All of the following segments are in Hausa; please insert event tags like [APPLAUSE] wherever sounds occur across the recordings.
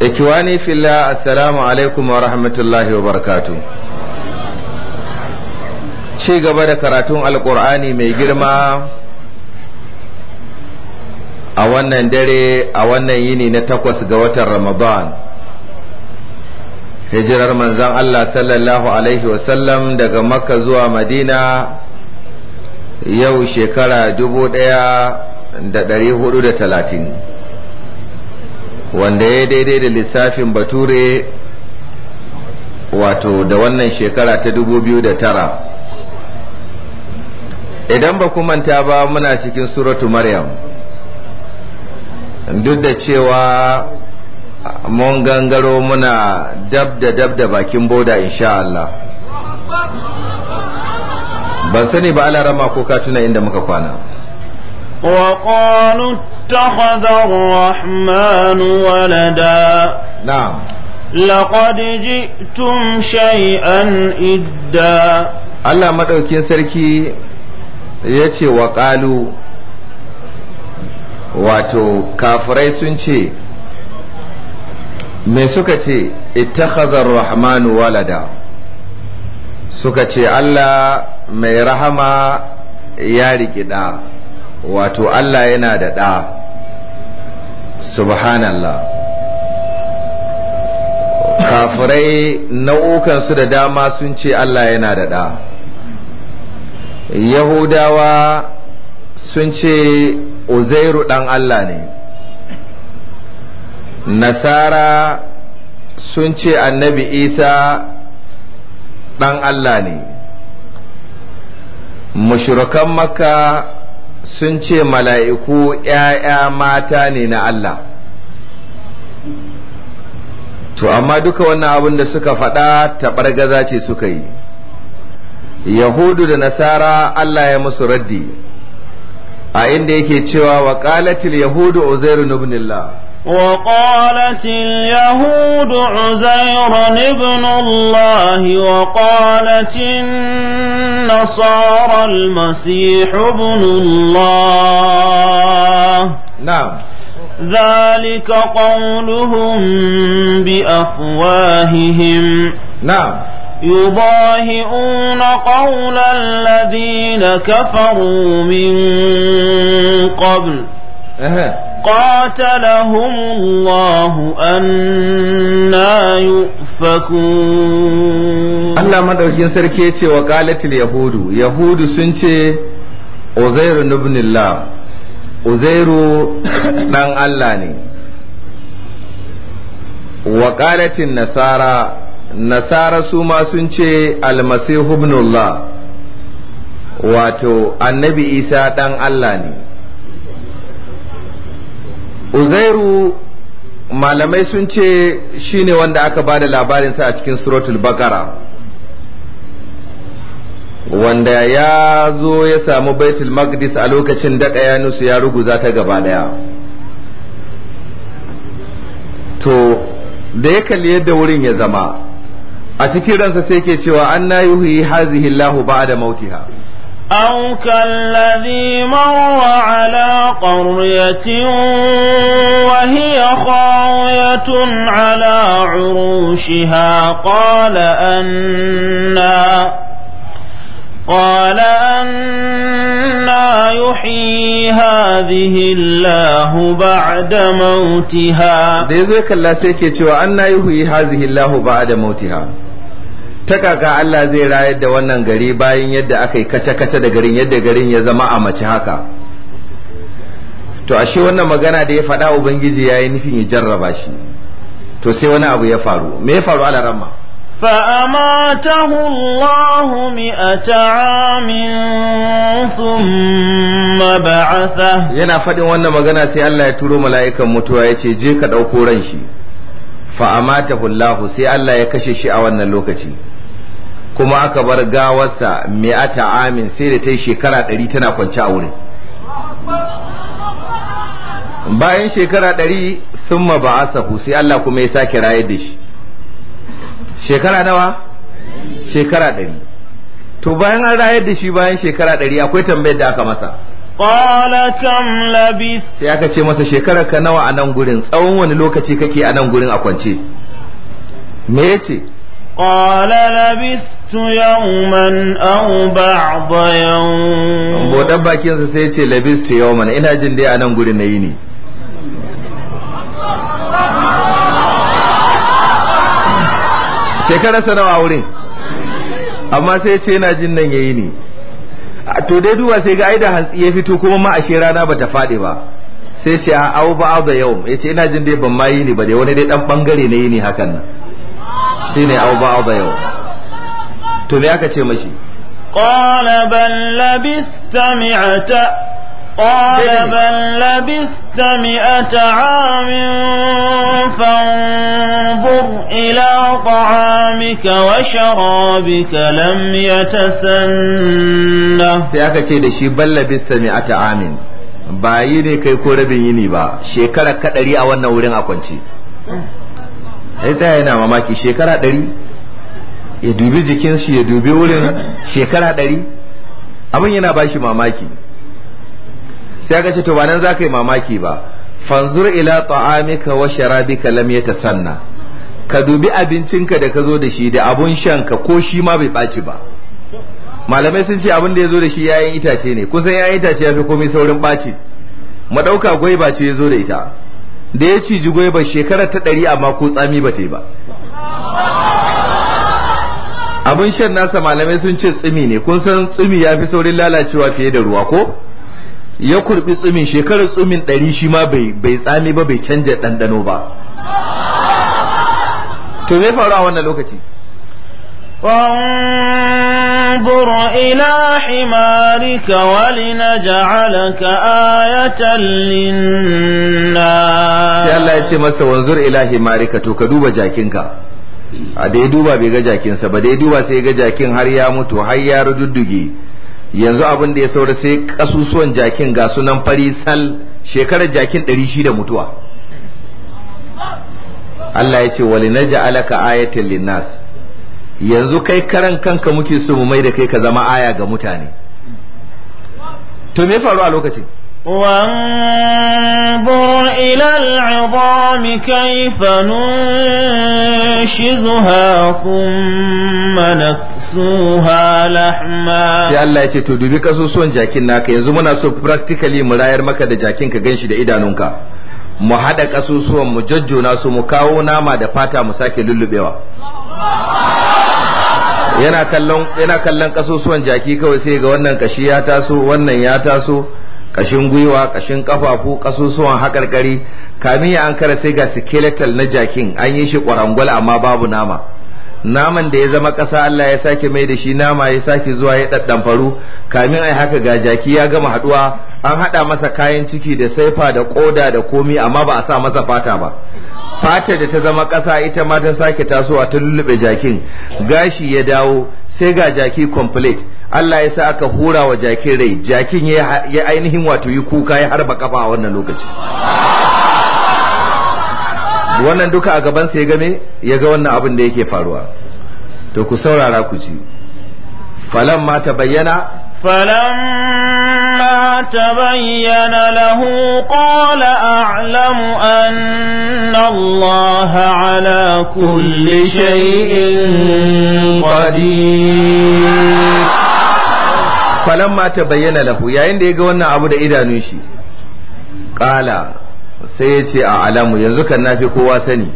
ikiwani filla assalamu alaikum wa rahmatullahi wa barakatu ci gaba da karatun alkur'ani mai girma a wannan dare a wannan yini na takwas ga watan ramadan hijirar manzan allah sallallahu alaihi wasallam daga makka zuwa madina yau shekara dubu ɗaya da ɗari hudu da talatin wanda ya daidai da lissafin bature wato da wannan shekara ta da tara idan ba ku manta ba muna cikin suratu maryam duk da cewa mun gangaro muna dab da dab da bakin boda insha Allah ban sani ba ala rama ko ka inda muka kwana وقالوا اتخذ الرحمن ولدا نعم لقد جئتم شيئا إدا Allah maɗaukin sarki ya ce wa ƙalu wato kafirai sun ce me suka ce ittakhazar rahmanu walada suka ce Allah mai rahama ya riƙi ɗa wato Allah yana da ɗa subhanallah kafirai nau'ukansu da dama sun ce Allah yana da ɗa yahudawa sun ce uzairu ɗan Allah ne nasara sun ce annabi isa ɗan Allah ne mashirukan makka sun ce mala'iku ‘ya'ya mata ne na Allah to amma duka wannan abin da suka faɗa taɓargaza ce suka yi yahudu da nasara Allah ya musu raddi a inda yake cewa wa yahudu uzairu ibnillah وقالت اليهود عزير ابن الله وقالت النصارى المسيح ابن الله نعم ذلك قولهم بأفواههم نعم يضاهئون قول الذين كفروا من قبل قاتلهم الله أنا يؤفكون الله مدعوكين سركيتي وقالت اليهود يهود سنتي أزير ابن الله أزير دان الله وقالت النصارى nasara سوما ma المسيح ابن الله ibnullah wato annabi isa ɗan Allah ne uzairu malamai sun ce shi ne wanda aka ba da labarinsa a cikin suratul bakara wanda ya zo ya samu baitul maqdis a lokacin ya nusu ya ruguza ta gaba daya to da ya kalli yadda wurin ya zama a cikin ransa sai ke cewa an na yuhi hazihi ba'a da mautiha أو كالذي مر على قرية وهي خاوية على عروشها قال أنا قال أنا يحيي هذه الله بعد موتها دي زي كلا سيكي أنا يحيي هذه الله بعد موتها ta kaka Allah zai rayar da wannan gari bayan yadda aka yi kace-kace da garin yadda garin ya zama a mace haka to ashe wannan magana da ya faɗa ubangiji ya yi nufin ya jarraba shi to sai wani abu ya faru me ya faru ala ramma فأماته الله مئة عام ثم بعثه yana faɗin wannan magana sai Allah ya turo mala'ikan mutuwa ya ce je ka ɗauko ran shi fa'amatahu Allah sai Allah ya kashe shi a wannan lokaci kuma aka bar gawarsa ata amin sai da ta yi shekara ɗari tana kwance a wurin bayan shekara ɗari sun ma ba asahu sai Allah kuma ya sake rayar da shi shekara nawa shekara ɗari to bayan an rayar da shi bayan shekara ɗari akwai tambayar da aka masa qala kam labis sai aka ce masa shekarar ka nawa a nan gurin tsawon wani lokaci kake a nan gurin a kwance me ce. قال لبثت يوما أو بعض يوم بودن باkinsa sai ce labistu yawman ina jin dai a nan guri na yi ne shekararsa nawa wurin amma sai ce jin nan to dai duba sai ga aida hantsi ya fito kuma ma ashe rana bata fade ba sai ce a au ba da yau ce ina jin dai ban ma yi ba dai wani dai dan bangare na yi ni hakan nan shine aw ba'da yau to me aka ce mashi qala bal labista mi'ata qala bal labista mi'ata 'amin fanzur ila ta'amika wa sharabika lam yatasanna sai aka ce da shi bal labista mi'ata 'amin ba yi ne kai ko rabin yini ba shekara kadari a wannan wurin a kwance sai ta yana mamaki shekara ɗari ya dubi jikin shi ya dubi wurin shekara ɗari abin yana bashi mamaki sai aka ce to ba nan za ka yi mamaki ba fanzur ila ta'amika wa sharabika lam yatasanna ka dubi abincinka da ka zo da shi da abun shanka ko shi ma bai baci ba malamai sun ce abin da ya zo da shi yayin itace ne kusan yayin itace ya fi komai saurin ɓaci mu ɗauka gwaiba ce ya zo da ita da ya ciji ba shekarar ta ɗari amma ko tsami ba ta yi ba abin shan nasa malamai sun ce tsimi ne kun san tsimi ya fi saurin lalacewa fiye da ruwa ko ya kurbi tsimin shekarar tsumin ɗari shi ma bai tsami ba bai canja ɗanɗano ba to me faru a wannan lokaci انظر إلى حمارك ولنجعلك آية للناس الله يتمس وانظر إلى حمارك تكدوب جاكينك a da ya duba bai ga jakinsa ba da ya duba sai ga jakin har ya mutu har ya rududduge yanzu abin da ya saura sai kasusuwan jakin ga sunan fari sal shekara jakin ɗari shida mutuwa Allah ya ce wali na ja'alaka ayatin linnas yanzu kai karan kanka muke so mu mai da kai ka zama aya ga mutane to me faru a lokacin wa bo ila al'azam kayfa nushizha kuma nafsuha lahma ya Allah yace to dubi kasusuwan jakin naka yanzu muna so practically mu rayar maka da jakin ka ganshi da idanunka mu haɗa kasusuwan mujajjona su mu kawo nama da fata mu sake lullubewa yana kallon yana kasusuwan jaki kawai sai ga wannan kashi ya taso wannan ya taso kashin gwiwa kashin kafafu kasusuwan hakarkari kamiya an ankara sai ga skeletal na jakin an yi shi kwarangwal amma babu nama naman da ya zama ƙasa Allah ya sake mai da shi nama ya sake zuwa ya faru kamin ai haka ga jaki ya gama haɗuwa an haɗa masa kayan ciki da saifa da ƙoda da komi amma ba a sa masa fata ba fata da ta zama ƙasa ita ma ta sake tasowa ta lulluɓe jakin gashi ya dawo sai ga jaki complete Allah ya sa aka hura wa jakin rai jakin ya ainihin wato yi kuka ya harba kafa a wannan lokaci wannan duka a gaban ya game ya ga wannan abin da yake faruwa to ku saurara ku ci falan ma ta bayyana ma ta bayyana lahu qala a'lamu anna Allah ala kulli shay'in qadir falan ma ta bayyana lahu yayin da ya ga wannan abu da idanun shi qala sai ya ce a alamu yanzu kan na fi kowa sani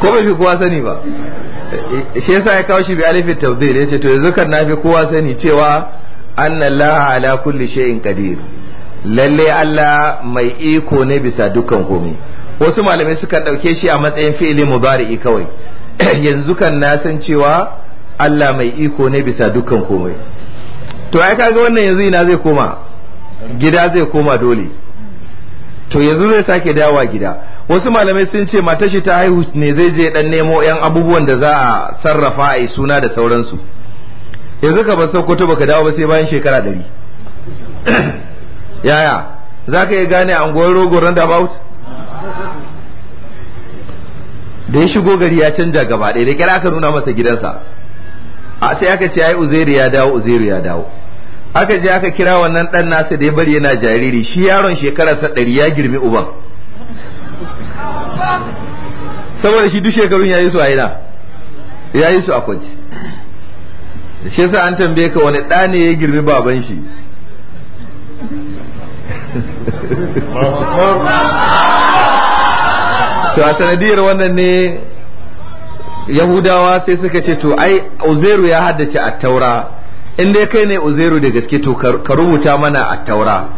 ko bai fi kowa sani ba shi yasa ya kawo shi bi alifin tawdil yace to yanzu kan na fi kowa sani cewa annallaha ala kulli shay'in qadir lalle Allah mai iko ne bisa dukkan komai wasu malamai suka dauke shi a matsayin fi'ili mubari'i kawai [CLEARS THROAT] yanzu kan na san cewa Allah mai iko ne bisa dukkan komai to ai kaga wannan yanzu ina zai koma gida zai koma dole to yanzu zai sake dawa gida wasu malamai sun ce matar shi ta haihu ne zai je dan nemo yan abubuwan da za a sarrafa a yi suna da sauransu yanzu ka bar sokoto baka dawo ba sai bayan shekara ɗari [COUGHS] yaya za ka iya gane a unguwar rogo roundabout da ya shigo gari ya canja gaba ɗaya da kira aka nuna masa gidansa a sai aka ce ya yi uzeri ya dawo uzeri ya dawo aka je aka kira wannan dan nasa da ya bari yana jariri shi yaron shekararsa ɗari ya girmi uban saboda shi duk shekarun ya yi su a ina ya yi su a kwanci shi yasa an tambaye ka wani ɗa ne ya girmi baban shi to a sanadiyar wannan ne yahudawa sai suka ce to ai uzeru ya haddace a taura in dai kai ne uzairu da gaske to ka rubuta mana a taura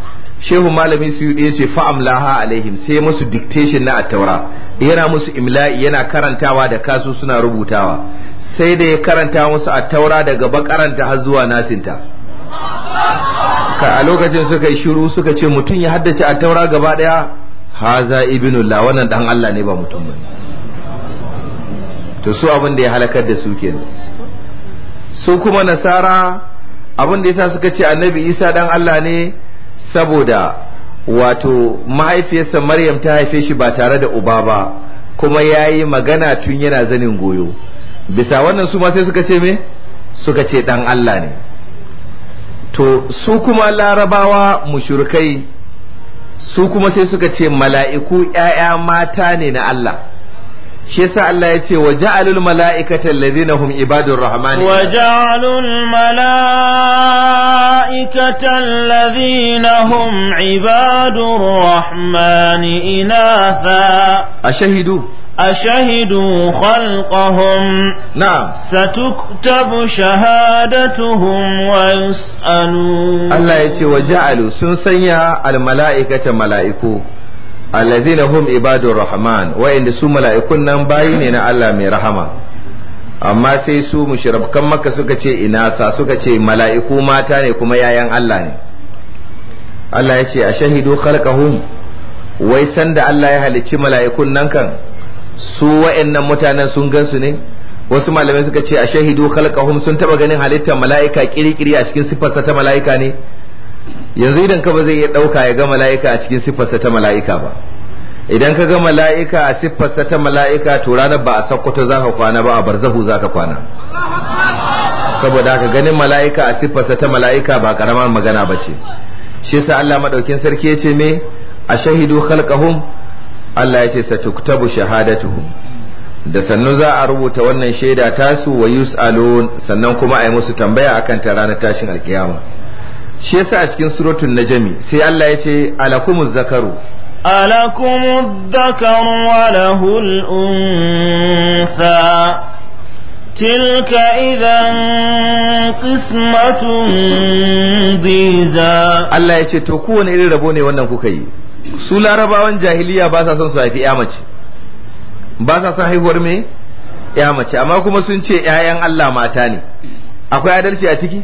shehu malami su yi ce fa'am laha alaihim sai musu dictation na attaura yana musu imla'i yana karantawa da kasu suna rubutawa sai da ya karanta musu attaura daga bakaranta har zuwa nasinta a lokacin suka yi shiru suka ce mutum ya haddace attaura gaba daya haza ibnullah wannan dan Allah ne ba mutum ba to su abin da ya halakar da su kenan su kuma nasara abin da yasa suka ce annabi isa dan Allah ne saboda wato mahaifiyarsa maryam ta haife shi ba tare da uba ba kuma ya yi magana tun yana zanin goyo bisa wannan su ma sai suka ce me suka ce dan Allah ne to su kuma larabawa mushurkai su kuma sai suka ce mala'iku ‘ya'ya mata ne na Allah shi yasa Allah ya ce wa ja'alul mala'ikata allazina hum ibadur rahmani wa ja'alul mala'ikata allazina hum ibadur rahmani inatha ashahidu ashahidu khalqahum na'am satuktabu shahadatuhum wa yus'alu Allah ya ce wa ja'alu sun sanya al mala'ikata mala'iku allazina hum ibadur rahman wa'inda su mala'ikun nan bayi ne na Allah mai rahama amma sai su mushrikan makka suka ce ina sa suka ce mala'iku mata ne kuma yayan Allah ne Allah ya ce a shahidu khalqahum wai san da Allah ya halicci mala'ikun nan kan su wa'annan mutanen sun gan su ne wasu malamai suka ce a shahidu khalqahum sun taba ganin halittar mala'ika kirikiri a cikin siffarsa ta mala'ika ne yanzu idan ka ba zai iya ɗauka ya ga mala'ika a cikin siffarsa ta mala'ika ba idan ka ga mala'ika a siffarsa ta mala'ika to ranar ba a sakkwato za ka kwana ba a barzahu za ka kwana saboda haka ganin mala'ika a siffarsa ta mala'ika ba karamar magana ba ce shi sa Allah madaukin sarki yace ce me a shahidu khalqahum Allah ya ce satuktabu shahadatuhum da sannu za a rubuta wannan shaida tasu wa yus'alun sannan kuma a yi musu tambaya akan ta ranar tashin alkiyama shi yasa a cikin suratul najmi sai Allah ya ce alakumuz zakaru alakumuz zakaru wa lahul unsa tilka idan qismatun diza Allah ya ce to kowane irin rabo ne wannan kuka yi su larabawan jahiliya ba sa son su haifi ya mace ba sa son haihuwar me ya mace amma kuma sun ce ƴaƴan Allah mata ne akwai adalci a ciki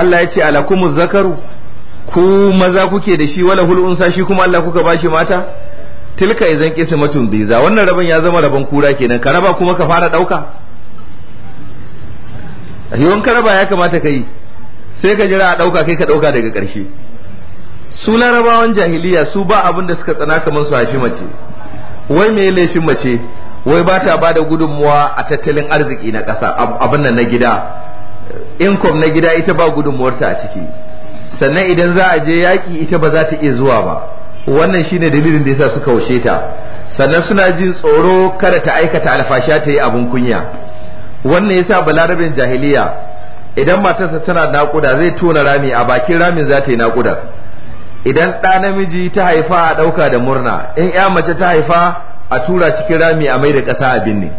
Allah ya ce alakumu zakaru ku maza kuke da shi wala hulun shi kuma Allah kuka bashi mata tilka idan qismatun biza wannan rabin ya zama rabin kura kenan ka raba kuma ka fara dauka yawan ka ya kamata kai sai ka jira a dauka kai ka dauka daga karshe su rabawan jahiliya su ba abin da suka tsana kamar su hashi mace wai me laifin mace wai ba ta ba gudunmuwa a tattalin arziki na ƙasa abin nan na gida inkom na gida ita ba gudunmuwarta a ciki sannan idan za a je yaƙi ita ba za ta iya zuwa ba wannan shine dalilin da yasa suka wushe ta sannan suna jin tsoro kada ta aikata alfasha ta yi abin kunya wannan yasa balarabin jahiliya idan matarsa tana naƙuda zai tona rami a bakin ramin za ta yi naƙuda idan ɗa namiji ta haifa a ɗauka da murna in ya mace ta haifa a tura cikin rami a mai da ƙasa a binne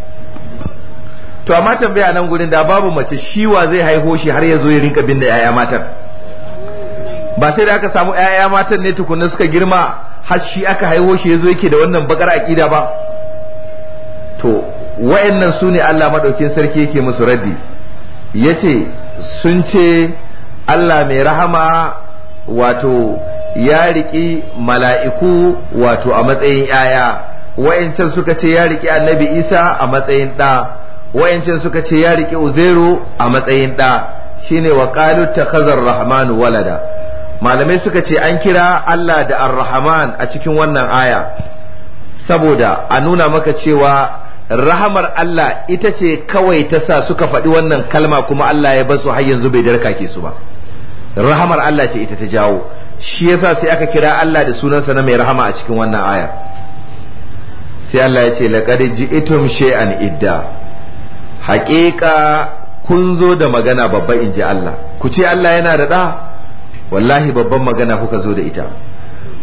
to amma tambaya nan gurin da babu mace shi wa zai haiho shi har ya zo ya rinka binne yaya matan ba sai da aka samu yaya matan ne tukunna suka girma har shi aka haiho shi ya zo yake da wannan bakar aqida ba to wayannan su ne Allah madaukin sarki yake musu raddi yace sun ce Allah mai rahama wato ya riƙi mala'iku wato a matsayin ‘ya'ya, wa'yancan suka ce ya riƙi annabi Isa a matsayin ɗa, wayancin suka ce ya riƙe uzairu a matsayin ɗa shine wa qalu rahmanu walada malamai suka ce an kira Allah da arrahman a cikin wannan aya saboda a nuna maka cewa rahamar Allah ita ce kawai ta sa suka faɗi wannan kalma kuma Allah ya basu har yanzu bai darka ke su ba rahamar Allah ce ita ta jawo shi yasa sai aka kira Allah da sunansa na mai rahama a cikin wannan aya sai Allah ya ce laqad ji'tum shay'an idda haƙiƙa kun zo da magana babba in ji Allah ku ce Allah yana da ɗa wallahi babban magana kuka zo da ita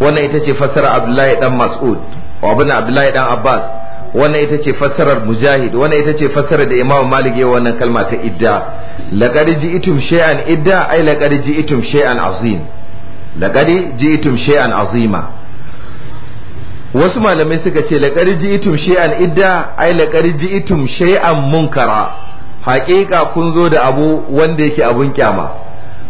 wannan ita ce fassara abdullahi dan mas'ud wa abin abdullahi dan abbas wannan ita ce fassarar mujahid wannan ita ce fassarar da imam malik ya wannan kalma ta idda laqad ji'tum shay'an idda ay laqad ji'tum shay'an azim laqad ji'tum shay'an azima wasu malamai suka ce laƙar itum shay'an idda ai laƙar itum shay'an munkara haƙiƙa kun zo da abu wanda yake abun kyama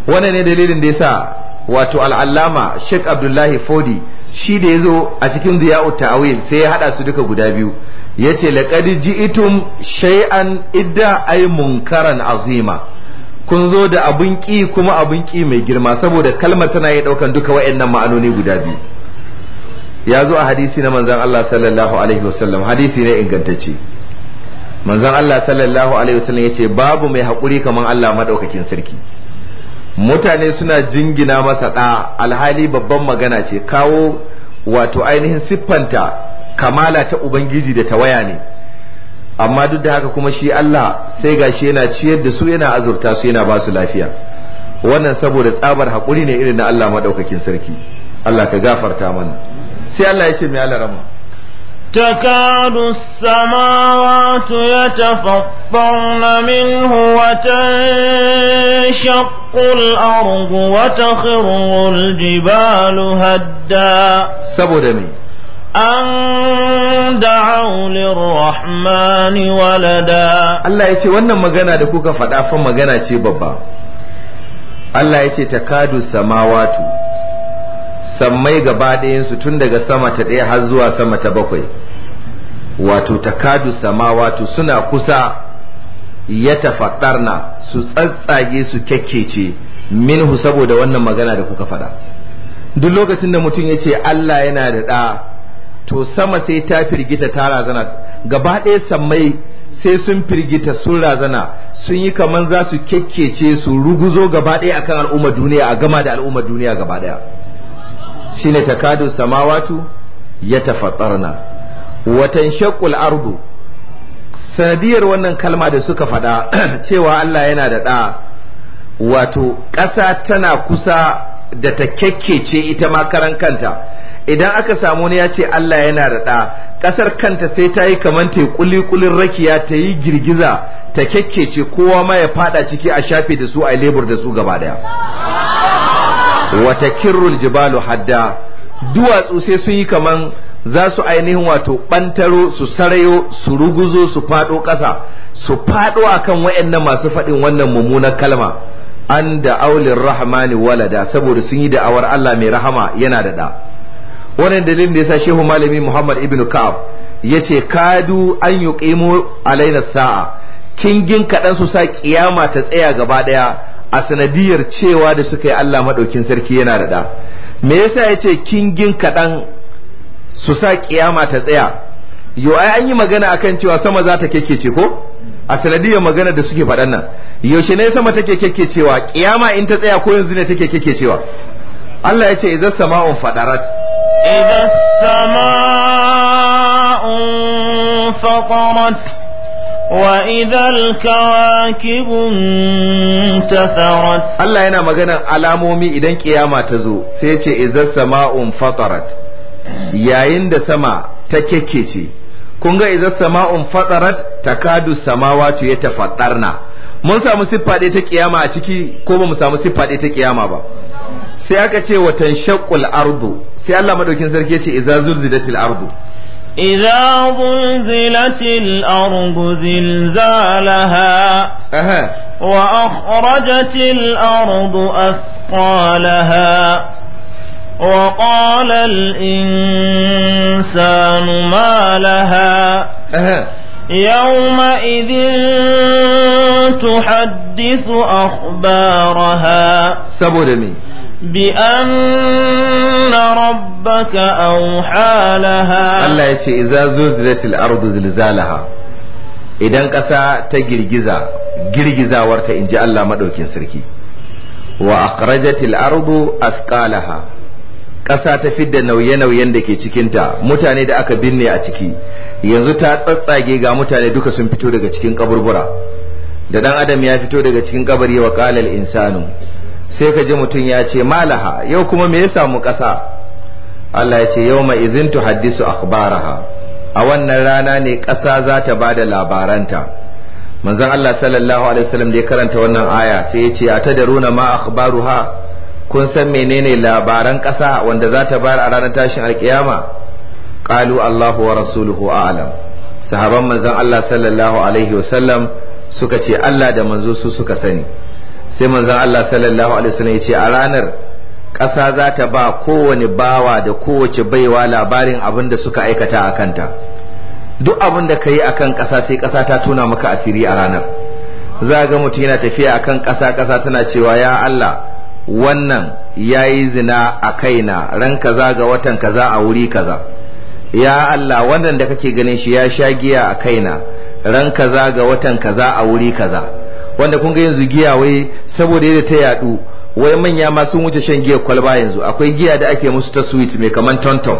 wannan ne dalilin da yasa wato al'allama Sheikh Abdullahi Fodi shi da ya zo a cikin ziya'u ta'awil sai ya haɗa su duka guda biyu yace laqad itum shay'an idda ay munkaran azima kun zo da abun ki kuma abun ki mai girma saboda kalmar tana iya daukan duka wayannan ma'anoni guda biyu ya zo a hadisi na manzan Allah sallallahu alaihi wasallam hadisi ne ingantacce manzan Allah sallallahu alaihi wasallam ya ce babu mai haƙuri kamar Allah maɗaukakin sarki mutane suna jingina masa ɗa alhali babban magana ce kawo wato ainihin siffanta kamala ta ubangiji da tawaya ne amma duk da haka kuma shi Allah sai gashi yana ciyar da su yana azurta su yana ba su lafiya wannan saboda tsabar haƙuri ne irin na Allah maɗaukakin sarki Allah ka gafarta mana sai Allah ya ce mai alarama تكاد السماوات يتفطرن منه وتنشق الأرض وتخر الجبال hadda. Saboda me. an da'au lirrahmani walada Allah yace wannan magana da kuka faɗa fa magana ce babba Allah yace takadu samawatu sammai gaba ɗayansu tun daga sama ta ɗaya har zuwa sama ta bakwai wato takadu sama wato suna kusa ya tafaɗarna su tsatsage su kyakkece minhu saboda wannan magana da kuka faɗa duk lokacin da mutum ya ce Allah yana da ɗa to sama sai ta firgita ta razana gaba ɗaya sammai sai sun firgita sun razana sun yi kamar za su kyakkece su ruguzo gaba ɗaya akan al'ummar duniya a gama da al'ummar duniya gaba ɗaya shine takadu samawatu ya tafatsarna watan shakul ardu sanadiyar wannan kalma da suka faɗa [CLEARS THROAT] cewa Allah yana da da wato ƙasa tana kusa da ta kyakkece ita ma karan kanta idan aka samu ya ce Allah yana da da ƙasar kanta sai ta yi kamar ta kuli kulin rakiya ta yi girgiza ta kyakkece kowa ma ya fada ciki a shafe da su a lebur da su gaba daya wata kirrul jibalu hadda duwatsu sai sun yi kaman za su ainihin wato bantaro su sarayo su ruguzo su faɗo ƙasa su faɗo akan waɗannan masu faɗin wannan mummunar kalma an da aulin rahmani walada saboda sun yi da'awar Allah mai rahama yana da ɗa wannan dalilin da yasa shehu malami Muhammad ibn Ka'ab yace kadu an yuqimu alaina sa'a kingin kaɗan su sa kiyama ta tsaya gaba ɗaya a sanadiyar cewa da suka yi Allah maɗaukin sarki yana da ɗa me yasa ya ce kingin kaɗan su sa kiyama ta tsaya yo ai an yi magana akan cewa sama za ta kekece ko a sanadiyar magana da suke faɗan nan yaushe ne sama take kekecewa kiyama in ta tsaya ko yanzu ne take kekecewa Allah ya ce idan sama'un fadarat idan sama'un faqarat وإذا الكواكب انتثرت الله yana maganar alamomi idan ƙiyama ta zo sai ce idza sama'un fatarat yayin da sama ta kekkece kun ga idza sama'un fatarat takadu samawatu yatafaddarna mun samu siffa ta ƙiyama a ciki ko ba mu samu siffa ta kiyama ba sai aka ce watan shaƙul ardu sai Allah madaukin sarki ya ce idza zulzilatil ardu إذا زلزلت الأرض زلزالها وأخرجت الأرض أثقالها وقال الإنسان ما لها يومئذ تحدث أخبارها سبو بأن ربك أوحى لها الله يشي إذا زلزلت الأرض زلزالها idan ƙasa ta girgiza girgizawarta in ji Allah maɗaukin sarki wa akhrajatil ardu ƙasa ta fidda nauye-nauyen da ke cikinta mutane da aka binne a ciki yanzu ta tsatsage ga mutane duka sun fito daga cikin kaburbura da dan adam ya fito daga cikin kabari wa ƙalal insanu sai ka ji mutum ya ce malaha yau kuma me ya samu ƙasa Allah ya ce yau mai izin tu haddisu akhbaraha a wannan rana ne ƙasa za ta ba da labaranta manzon Allah sallallahu alaihi wasallam da ya karanta wannan aya sai ya ce a tadaruna ma akhbaruha kun san menene labaran ƙasa wanda za ta bayar a ranar tashin alkiyama qalu Allahu wa rasuluhu a'lam sahaban manzon Allah sallallahu alaihi wasallam suka ce Allah da manzo su suka sani sai manzon Allah sallallahu alaihi wasallam ya ce a ranar ƙasa za ta ba kowane bawa da kowace baiwa labarin abin da suka aikata a kanta duk abin da ka yi a ƙasa sai ƙasa ta tuna maka asiri a ranar za ga mutum yana tafiya akan kan ƙasa ƙasa tana cewa ya Allah wannan ya yi zina a kaina ran kaza ga watan kaza a wuri kaza ya Allah wannan da kake ganin shi ya sha giya a kaina ran kaza ga watan kaza a wuri kaza wanda kun ga yanzu giya wai saboda yadda ta yadu wai manya ma sun wuce shan giya kwalba yanzu akwai giya da ake musu ta sweet mai kaman tonton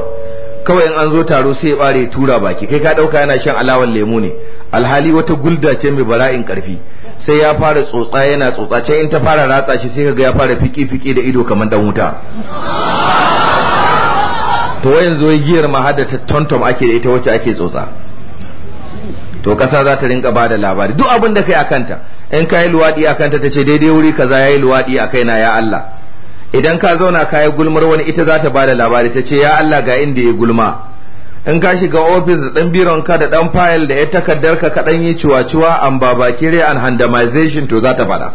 kawai in an zo taro sai ya bare tura baki kai ka dauka yana shan alawan lemu ne alhali wata gulda ce mai bara'in karfi sai ya fara tsotsa yana tsotsa ce in ta fara ratsa shi sai kaga ya fara fiki fiki da ido kaman dan wuta to yanzu wai giyar ma hada ta tontom ake da ita wacce ake tsotsa to kasa za ta rinka bada labari duk abin da kai akanta in ka yi luwaɗi akanta ta ce daidai wuri kaza ya yi luwaɗi a kaina ya Allah idan ka zauna ka yi gulmar wani ita za ta bada labari ta ce ya Allah ga inda ya gulma in ka shiga ofis da ɗan ka da ɗan fayil da ya takardar ka kaɗan yi ciwa-ciwa an babakire an handamization to za ta faɗa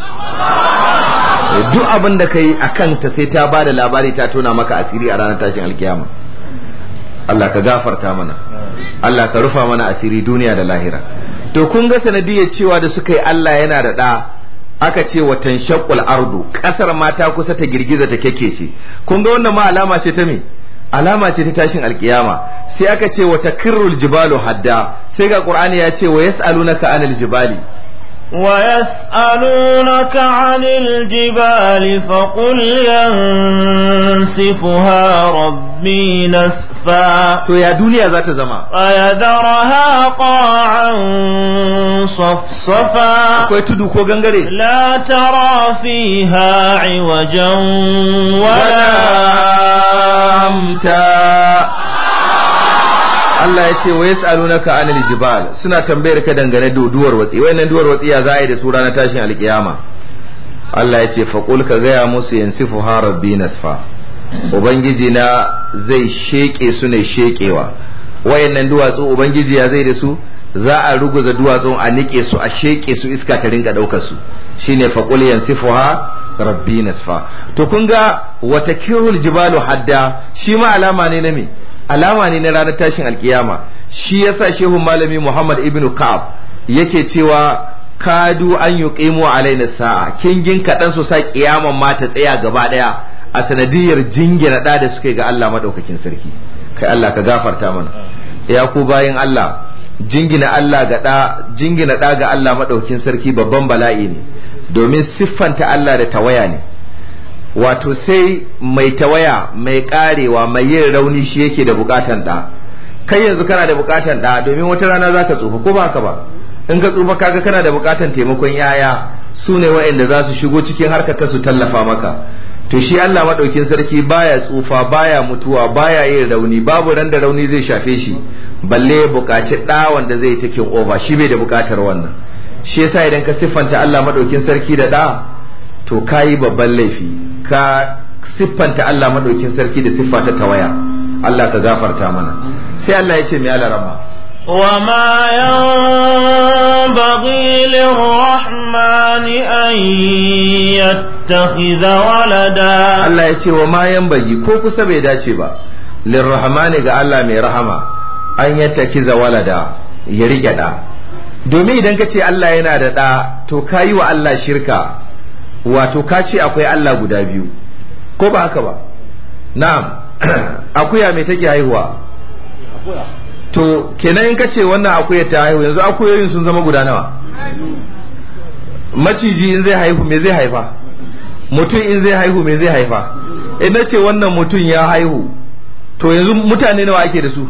duk abin da ka yi a kanta sai ta bada labari ta tona maka asiri a ranar tashin alkiyama Allah ka gafarta mana Allah ka rufa mana asiri duniya da lahira to kun ga sanadiyar cewa da suka yi Allah yana da ɗa aka ce wa shakul ardu ƙasar mata kusa ta girgiza ta keke shi. kun ga wannan ma alama ce ta me alama ce ta tashin alkiyama sai aka ce wa takrul jibalu hadda sai ga qur'ani ya ce wa yas'alunaka anil jibali ويسألونك عن الجبال فقل ينسفها ربي نسفا تو يا دنيا ذات زمان فيذرها قاعا صفصفا لا ترى فيها عوجا ولا أمتا Allah ya ce wa ka anil jibal suna tambayar ka dangane da duwar watsi wayannan duwar watsi ya za a yi da su ranar tashin alkiyama Allah ya ce faqul ka gaya musu yansifu ha rabbi ubangiji na zai sheke su ne shekewa wayannan duwatsu ubangiji ya zai da su za a ruguza duwatsun a nike su a sheƙe su iska ta rinka daukar su shine faqul yansifu ha rabbi nasfa to kun ga wata kirul jibalu hadda shi ma alama ne na me alama ne na ranar tashin alkiyama shi yasa shehu malami Muhammad ibnu Ka'ab yake cewa kadu an yuqimu alaina sa'a kingin kaɗan su sa kiyaman ma ta tsaya gaba ɗaya a sanadiyar jingina da da suke ga Allah madaukakin sarki kai Allah ka gafarta mana ya ku bayin Allah jingina Allah ga da jingina da ga Allah madaukin sarki babban bala'i ne domin siffanta Allah da tawaya ne wato sai mai tawaya mai karewa mai yin rauni shi yake da bukatan da kai yanzu kana da bukatan da domin wata rana za ka tsufa ko baka ba in ka tsufa kaga kana da bukatan taimakon yaya su ne waɗanda za su shigo cikin harkar ka su tallafa maka to shi Allah madaukin sarki baya tsufa baya mutuwa baya yin rauni babu randa rauni zai shafe shi balle bukaci da wanda zai takin over shi bai da bukatar wannan shi yasa idan ka siffanta Allah madaukin sarki da da to kayi babban laifi ka siffanta Allah maɗaukin sarki da siffa ta tawaya Allah ka gafarta mana sai Allah ya ce mai alarama wa ma yanbaghi lirrahmani an yattakhidha walada Allah ya ce wa ma ko kusa bai dace ba lirrahmani ga Allah mai rahama an yattakhidha walada ya rike da domin idan ka ce Allah yana da da to yi wa Allah shirka wato ka ce akwai Allah guda biyu ko ba haka ba na'am [CLEARS THROAT] akuya mai take haihuwa to kenan in kace wannan akuya ta haihu yanzu akuyoyin sun zama guda nawa maciji in zai haihu me zai haifa mutum in zai haihu me zai haifa in ce wannan mutum ya haihu to yanzu mutane nawa ake da su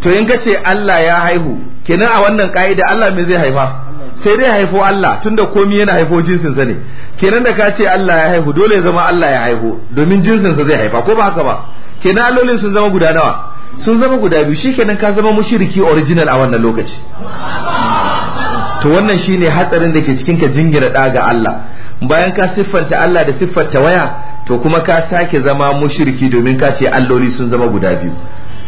to in kace Allah ya haihu kenan a wannan ka'ida Allah me zai haifa sai dai haifo Allah tunda komai yana haifo jinsinsa ne kenan da ka ce Allah ya haihu dole ya zama Allah ya haihu domin jinsin zai haifa ko ba haka ba kenan allolin sun zama guda nawa sun zama guda biyu shi kenan ka zama mushiriki original a wannan lokaci to wannan shine hatsarin da ke cikin ka jingira da ga Allah bayan ka siffanta Allah da siffanta waya to kuma ka sake zama mushriki domin ka ce alloli sun zama guda biyu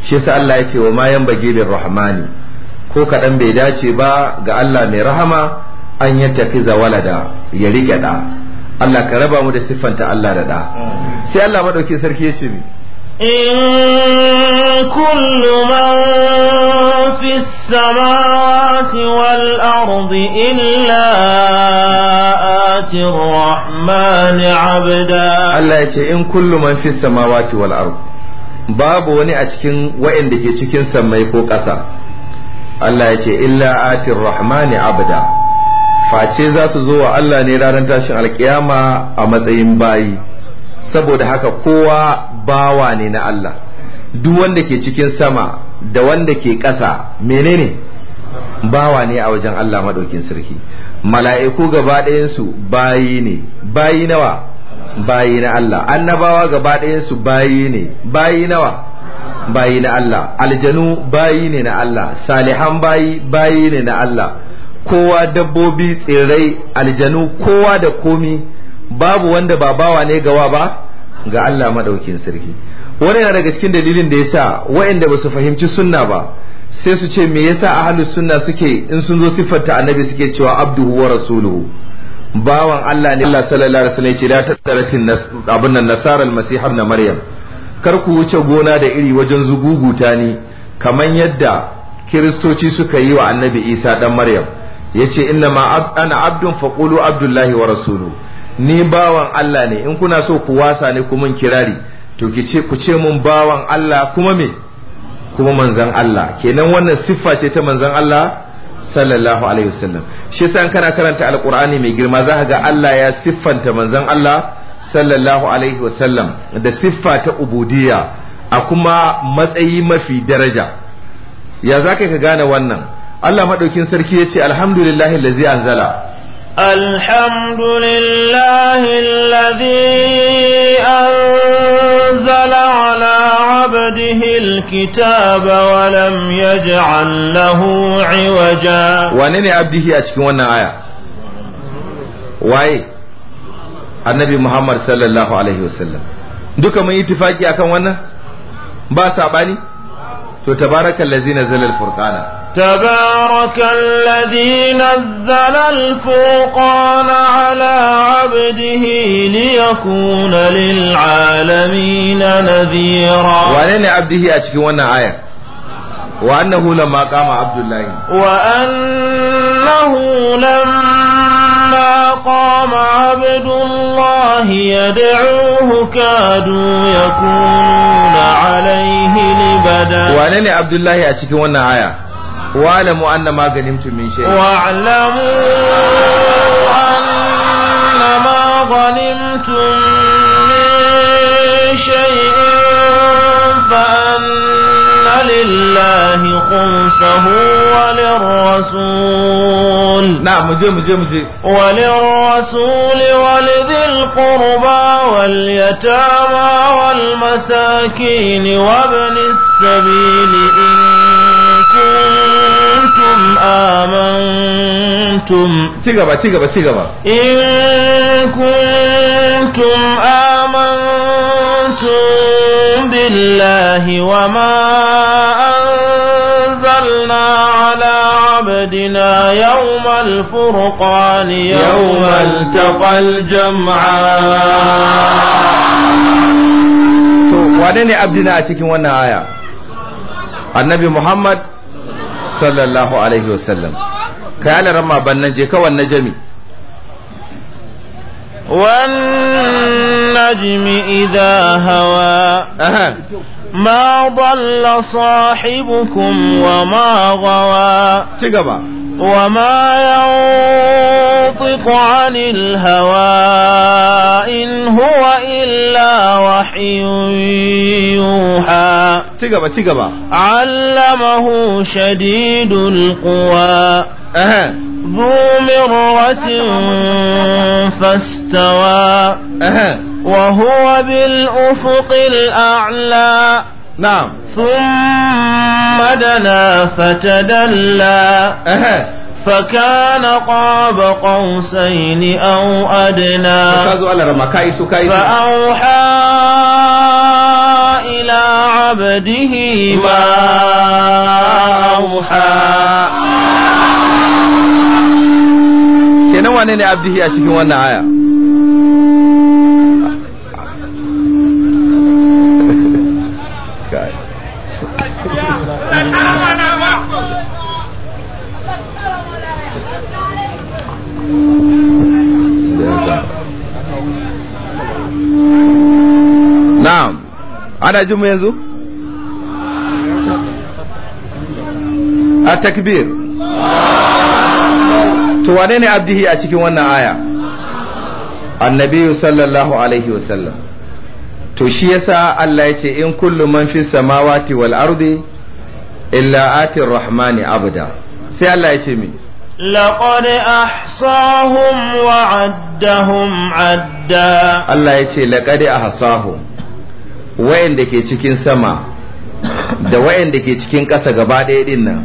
shi yasa Allah ya ce wa ma yanbaghi rahmani ko kaɗan bai dace ba ga Allah mai rahama an ya tafi walada ya rike ɗa Allah ka raba mu da siffanta Allah da ɗa sai Allah maɗauki sarki ya ce mi fi samawati wal ardi illa atir إلا abda Allah ya ce in kullu كل fi samawati wal ardi babu wani a cikin waɗanda ke cikin sammai ko ƙasa Allah ya ce illa atir rahmani abda face za su zo wa Allah ne ranar tashin alkiyama a matsayin bayi saboda haka kowa bawa ne na Allah duk wanda ke cikin sama da wanda ke ƙasa menene bawa ne a wajen Allah maɗaukin sarki mala'iku gaba ɗayansu bayi ne bayi nawa bayi na Allah annabawa gaba ɗayansu bayi ne bayi nawa bayi na Allah aljanu bayi ne na Allah salihan bayi bayi ne na Allah kowa dabbobi tsirrai aljanu kowa da komi babu wanda ba bawa ne gawa ba ga Allah madaukin sarki wani yana daga cikin dalilin da yasa waɗanda ba su fahimci sunna ba sai su ce me yasa ahlus sunna suke in sun zo siffarta annabi suke cewa abduhu wa rasuluhu bawan Allah ne Allah sallallahu alaihi wasallam ya ce da tattaratin abun nan nasarar masih ibn maryam kar ku wuce gona da iri wajen zuguguta ni kamar yadda kiristoci suka yi wa annabi isa dan maryam Ya yace inna ma ana abdun faƙulu abdullahi wa rasulu ni bawan Allah ne in kuna so ku wasa ne kuma kirari to ku ce mun bawan Allah kuma me kuma manzan Allah kenan wannan siffa ce ta manzan Allah sallallahu alaihi wasallam shi yasa kana karanta alqur'ani mai girma za ga Allah ya siffanta manzan Allah sallallahu alaihi wasallam da siffa ta ubudiyya a kuma matsayi mafi daraja ya za ka gane wannan Allah maɗaukin sarki ya ce alhamdulillahi lazi anzala alhamdulillahi lazi anzala ala عبده الكتاب ولم يجعل له عوجا وانين عبده cikin wannan aya? Waye? annabi Muhammad sallallahu alaihi wasallam duka mun ittifaki akan wannan ba sabani to tabarakal ladzi nazzala zalar furqana tabarakal ladzi nazzala al-furqana ala 'abdihi liyakuna lil'alamin nadhira wane ne abdihi a cikin wannan aya wa annahu lamma qama abdullahi wa ما قام عبد الله يدعوه كادوا يكونون عليه لبدا وانني عبد الله أتكي وانا آية واعلموا أن ما غنمتم من شيء واعلموا أن ما غنمتم من شيء فأن ولله خمسه وللرسول نعم مجي مجي مجي وللرسول ولذي القربى واليتامى والمساكين وابن السبيل إن كنتم آمنتم تيغبا تيغبا تيغبا إن كنتم آمنتم بالله وما أنزلنا على عبدنا يوم الفرقان يوم التقى الجمعان wane ne abdina a cikin wannan haya annabi muhammad sallallahu alaihi wasallam kai alaramma bannan je kawan najami jami والنجم إذا هوى ما ضل صاحبكم وما غوى وما ينطق عن الهوى إن هو إلا وحي يوحى تقبى تقبى علمه شديد القوى أهان ذو مرة فاستوى أهان وهو بالأفق الأعلى نعم ثم دنا فتدلى أهان فكان قاب قوسين أو أدنى فأوحى إلى عبده ما أوحى kenan wane ne abdihi a cikin wannan aya ana jin mu yanzu a takbir to wane ne abdihi a cikin wannan aya annabi sallallahu alaihi wasallam to shi yasa Allah ya ce in kullu man fi samawati wal ardi illa ati rahmani abda sai Allah ya ce mi لقد أحصاهم وعدهم عدا الله يقول لقد أحصاهم wayanda ke cikin sama da wayanda ke cikin ƙasa gaba ɗaya ɗin nan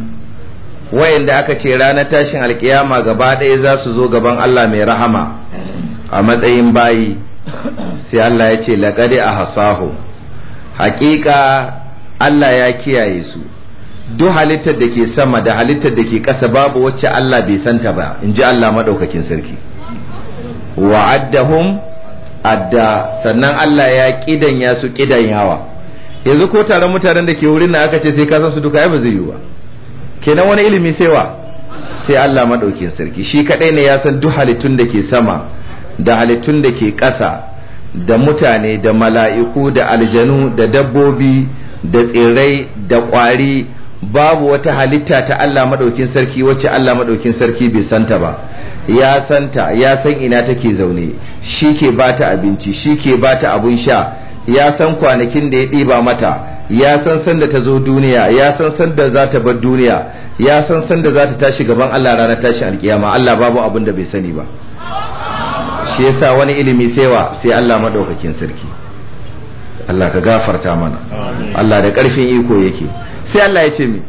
wayanda aka ce ranar tashin alkiyama gaba ɗaya za su zo gaban Allah mai rahama a matsayin bayi sai Allah ya ce laƙari a hasahu haƙiƙa Allah ya kiyaye su duk halittar da ke sama da halittar da ke ƙasa babu wacce Allah bai santa ba in ji Allah maɗaukakin sarki wa'addahum adda sannan Allah ya ya su yawa yanzu ko taron mutanen da ke wurin na aka ce sai ka san su duka ai ba zai yiwu ba kenan wani ilimi sai wa sai Allah madaukin sarki shi kadai ne ya san duk halittun da ke sama da halittun da ke ƙasa da mutane da mala'iku da aljanu da dabbobi da tsirrai da ƙwari babu wata halitta ta Allah madaukin sarki wacce Allah madaukin sarki bai santa ba ya santa ya san ina take zaune shi ke ba ta abinci shi ke ba ta abun sha ya san kwanakin da ya ɗiba mata ya san sanda ta zo duniya ya san sanda za ta bar duniya ya san sanda za ta tashi gaban Allah ranar tashi alkiyama Allah babu abin da bai sani ba shi yasa wani ilimi saiwa sai Allah madaukakin sarki Allah ka gafarta mana Allah da ƙarfin iko yake sai Allah ya ce mi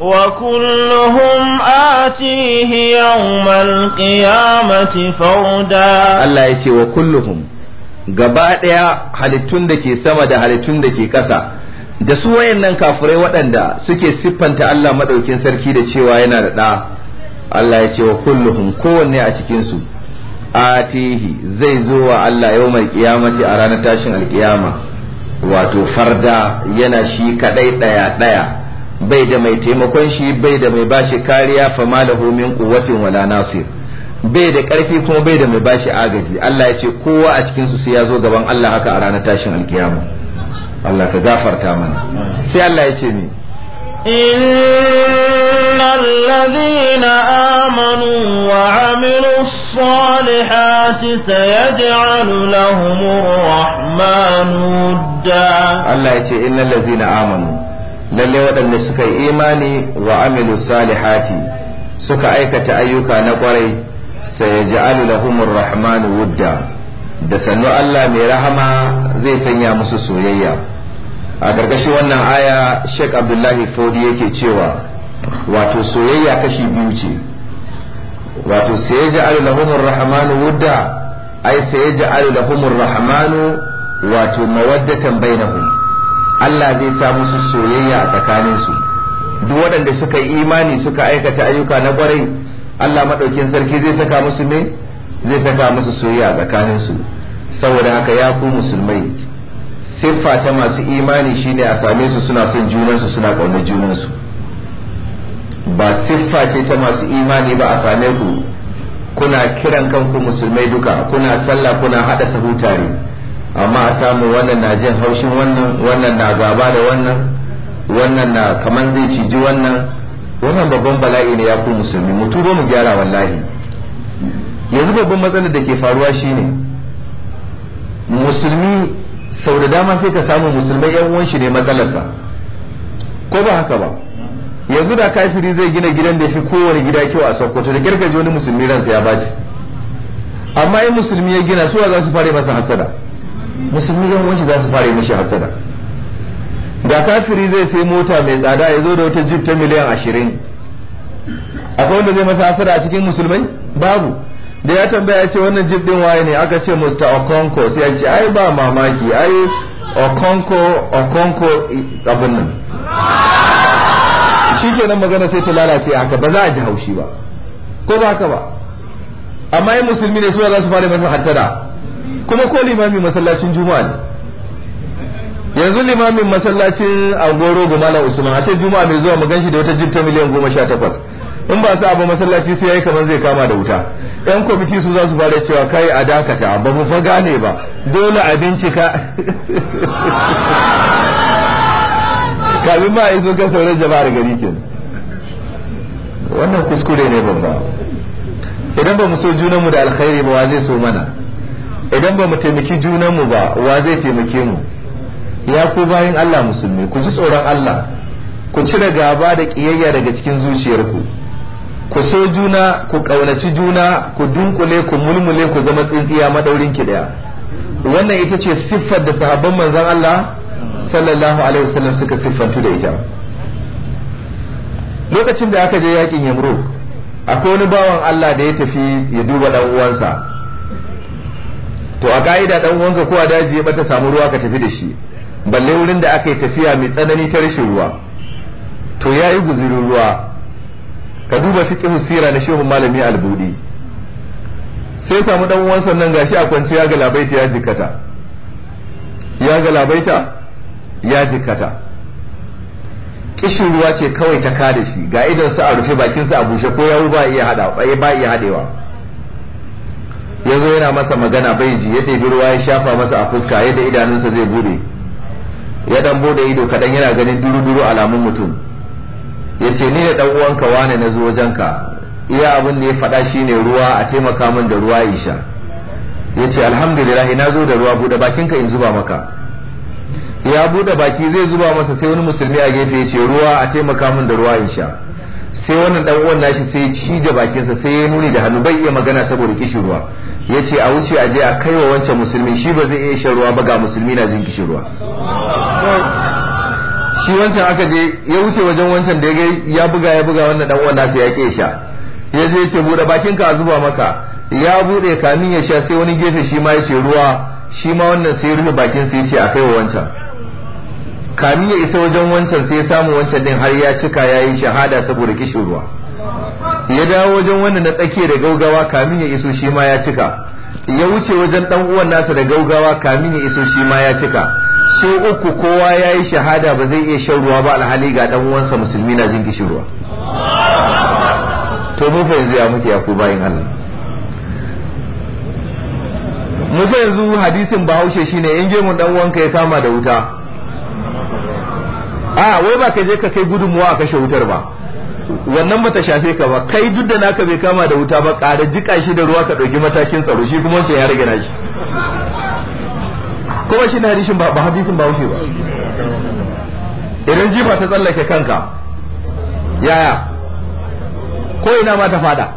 وكلهم آتيه يوم القيامة فردا الله يتي وكلهم gaba ɗaya halittun da ke sama da halittun da ke ƙasa da su wayannan kafurai waɗanda suke siffanta Allah maɗaukin sarki da cewa yana da ɗa Allah ya ce wa kulluhum kowanne a cikinsu atihi zai zo wa Allah yau mai kiyamati a ranar tashin alkiyama wato farda yana shi kaɗai ɗaya ɗaya bai da mai taimakon shi bai da mai bashi kariya fa malahu min quwwatin wala nasir bai da karfi kuma bai da mai bashi agaji Allah ya ce kowa a cikin su sai ya zo gaban Allah haka a ranar tashin alkiyama Allah ka gafarta mana sai Allah ya ce ni إن الذين آمنوا وعملوا الصالحات سيجعل لهم الرحمن ودا الله ce إن الذين آمنوا lalle waɗanda suka yi imani wa amilu salihati suka aikata ayyuka na kwarai sai ji lahumur rahmanu wudda da sannu Allah mai rahama zai sanya musu soyayya a ƙarƙashin wannan aya Sheikh Abdullahi Fodi yake cewa wato soyayya kashi biyu ce wato sai ji lahumur rahmanu wudda ai sai ji lahumur rahmanu wato mawaddatan bainahum Allah zai sa musu soyayya a tsakaninsu duk waɗanda suka yi imani suka aikata ayyuka na ƙwarai Allah maɗaukin sarki zai saka musu ne zai saka musu soyayya a tsakaninsu saboda haka ya ku musulmai siffa ta masu imani shine a same su suna son junansu suna ƙaunar junansu ba siffa ce ta masu imani ba a same ku kuna kiran kanku musulmai duka kuna sallah kuna haɗa sahu tare amma a samu wannan na jin haushin wannan wannan na gaba da wannan wannan na kaman zai ciji wannan wannan babban bala'i ne ya ku musulmi mu tuba mu gyara wallahi yanzu babban matsalar da ke faruwa shine musulmi sau da dama sai ka samu musulmai yan uwan shi ne matsalarsa ko ba haka ba yanzu da kafiri zai gina gidan da fi kowane gida kyau a sokoto da girgaje wani musulmi ransa ya baci amma in musulmi ya gina suwa za su fara masa hasada musulmi yan wanshi za su fara mishi hasada da kafiri zai sai mota mai tsada ya zo da wata jeep ta miliyan ashirin akwai wanda zai masa hasada a cikin musulmai babu da ya tambaya ya ce wannan jeep din waye ne aka ce Mr. Okonko sai ya ce ai ba mamaki ai Okonko Okonko abin nan shikenan magana sai ta lalace haka ba za a ji haushi ba ko ba haka ba amma yin musulmi ne su za su fara masa hasada kuma ko limamin masallacin juma'a ne yanzu limamin masallacin agoro ga malam usman a ce juma'a mai zuwa mu ganshi da wata jinta miliyan goma sha takwas in ba sa abu masallaci sai yayi kamar zai kama da wuta yan kwamiti su za su fara cewa kai a dakata ba mu fa gane ba dole a bincika [LAUGHS] kamin ba a iso kan sauran jama'ar gari ke. wannan kuskure ne babba idan ba mu so junanmu da alkhairi ba wa zai so mana idan ba mu taimaki junanmu ba wa zai taimake mu ya ku bayan Allah musulmi ku ji tsoron Allah ku cire gaba da kiyayya daga cikin zuciyarku ku so juna ku ƙaunaci juna ku dunkule ku mulmule ku zama tsintsiya madaurin ki daya wannan ita ce siffar da sahabban manzon Allah sallallahu alaihi wasallam suka siffantu da ita lokacin da aka je yakin yamruk akwai wani bawan Allah da ya tafi ya duba dan uwansa to a ka'ida dan uwanka ko a daji ya bata samu ruwa ka tafi da shi balle wurin da aka yi tafiya mai tsanani ta rashin ruwa to ya yi guzurin ruwa ka duba fiqhu sira na shehu malami albudi sai samu dan uwan sannan gashi a kwance ya galabaita ya jikkata ya galabaita ya jikkata kishin ruwa ce kawai ta kada shi ga idan sa a rufe bakin sa a bushe ko yawo ba iya hada ba iya hadewa ya zo yana masa magana bai ji ya ɗebi ruwa ya shafa masa a fuska yadda idanunsa zai bude ya dan bude ido kaɗan yana ganin duru-duru alamun mutum ya ce ni da ɗan uwanka wane na zo ka iya abin da ya faɗa shine ruwa a taimaka min da ruwa isha ya ce alhamdulillah na zo da ruwa buɗe bakinka in zuba maka ya buɗe baki zai zuba masa sai wani musulmi a gefe ya ce ruwa a taimaka min da ruwa isha sai wannan dan uwan nashi sai shi da bakinsa sai ya nuni da hannu bai iya magana saboda kishirwa ya ce a wuce a je a kai wa wancan musulmi shi ba zai iya shan ruwa ba ga musulmi na jin kishirwa shi wancan aka je ya wuce wajen wancan da ya ya buga ya buga wannan dan uwan nasa ya ke sha ya je ce bude bakin ka a zuba maka ya bude kamin ya sha sai wani gefe shi ma ya ce ruwa shi ma wannan sai ya rufe bakin ya ce a kai wa wancan kamin ya isa wajen wancan sai ya samu wancan din har ya cika ya yi shahada saboda kishin ruwa ya dawo wajen wannan na tsakiya da gaugawa kamin ya iso shi ma ya cika ya wuce wajen dan uwan nasa da gaugawa kamin ya iso shi ma ya cika so uku kowa ya yi shahada ba zai iya shan ruwa ba alhali ga dan uwansa musulmi na jin kishin ruwa to mu fa yanzu ya muke ya ku bayin Allah mu yanzu hadisin bahaushe shine in mu dan uwanka ya kama da wuta a wai ba ka je ka kai gudunmuwa a kashe wutar ba wannan bata shafe ka ba kai duk da naka bai kama da wuta ba ƙara jika shi da ruwa ka ɗauki matakin tsaro shi kuma wancan ya rage shi kuma shi na hadisin ba hadisin ba wuce ba idan jifa ta tsallake kanka yaya ko ina ma ta fada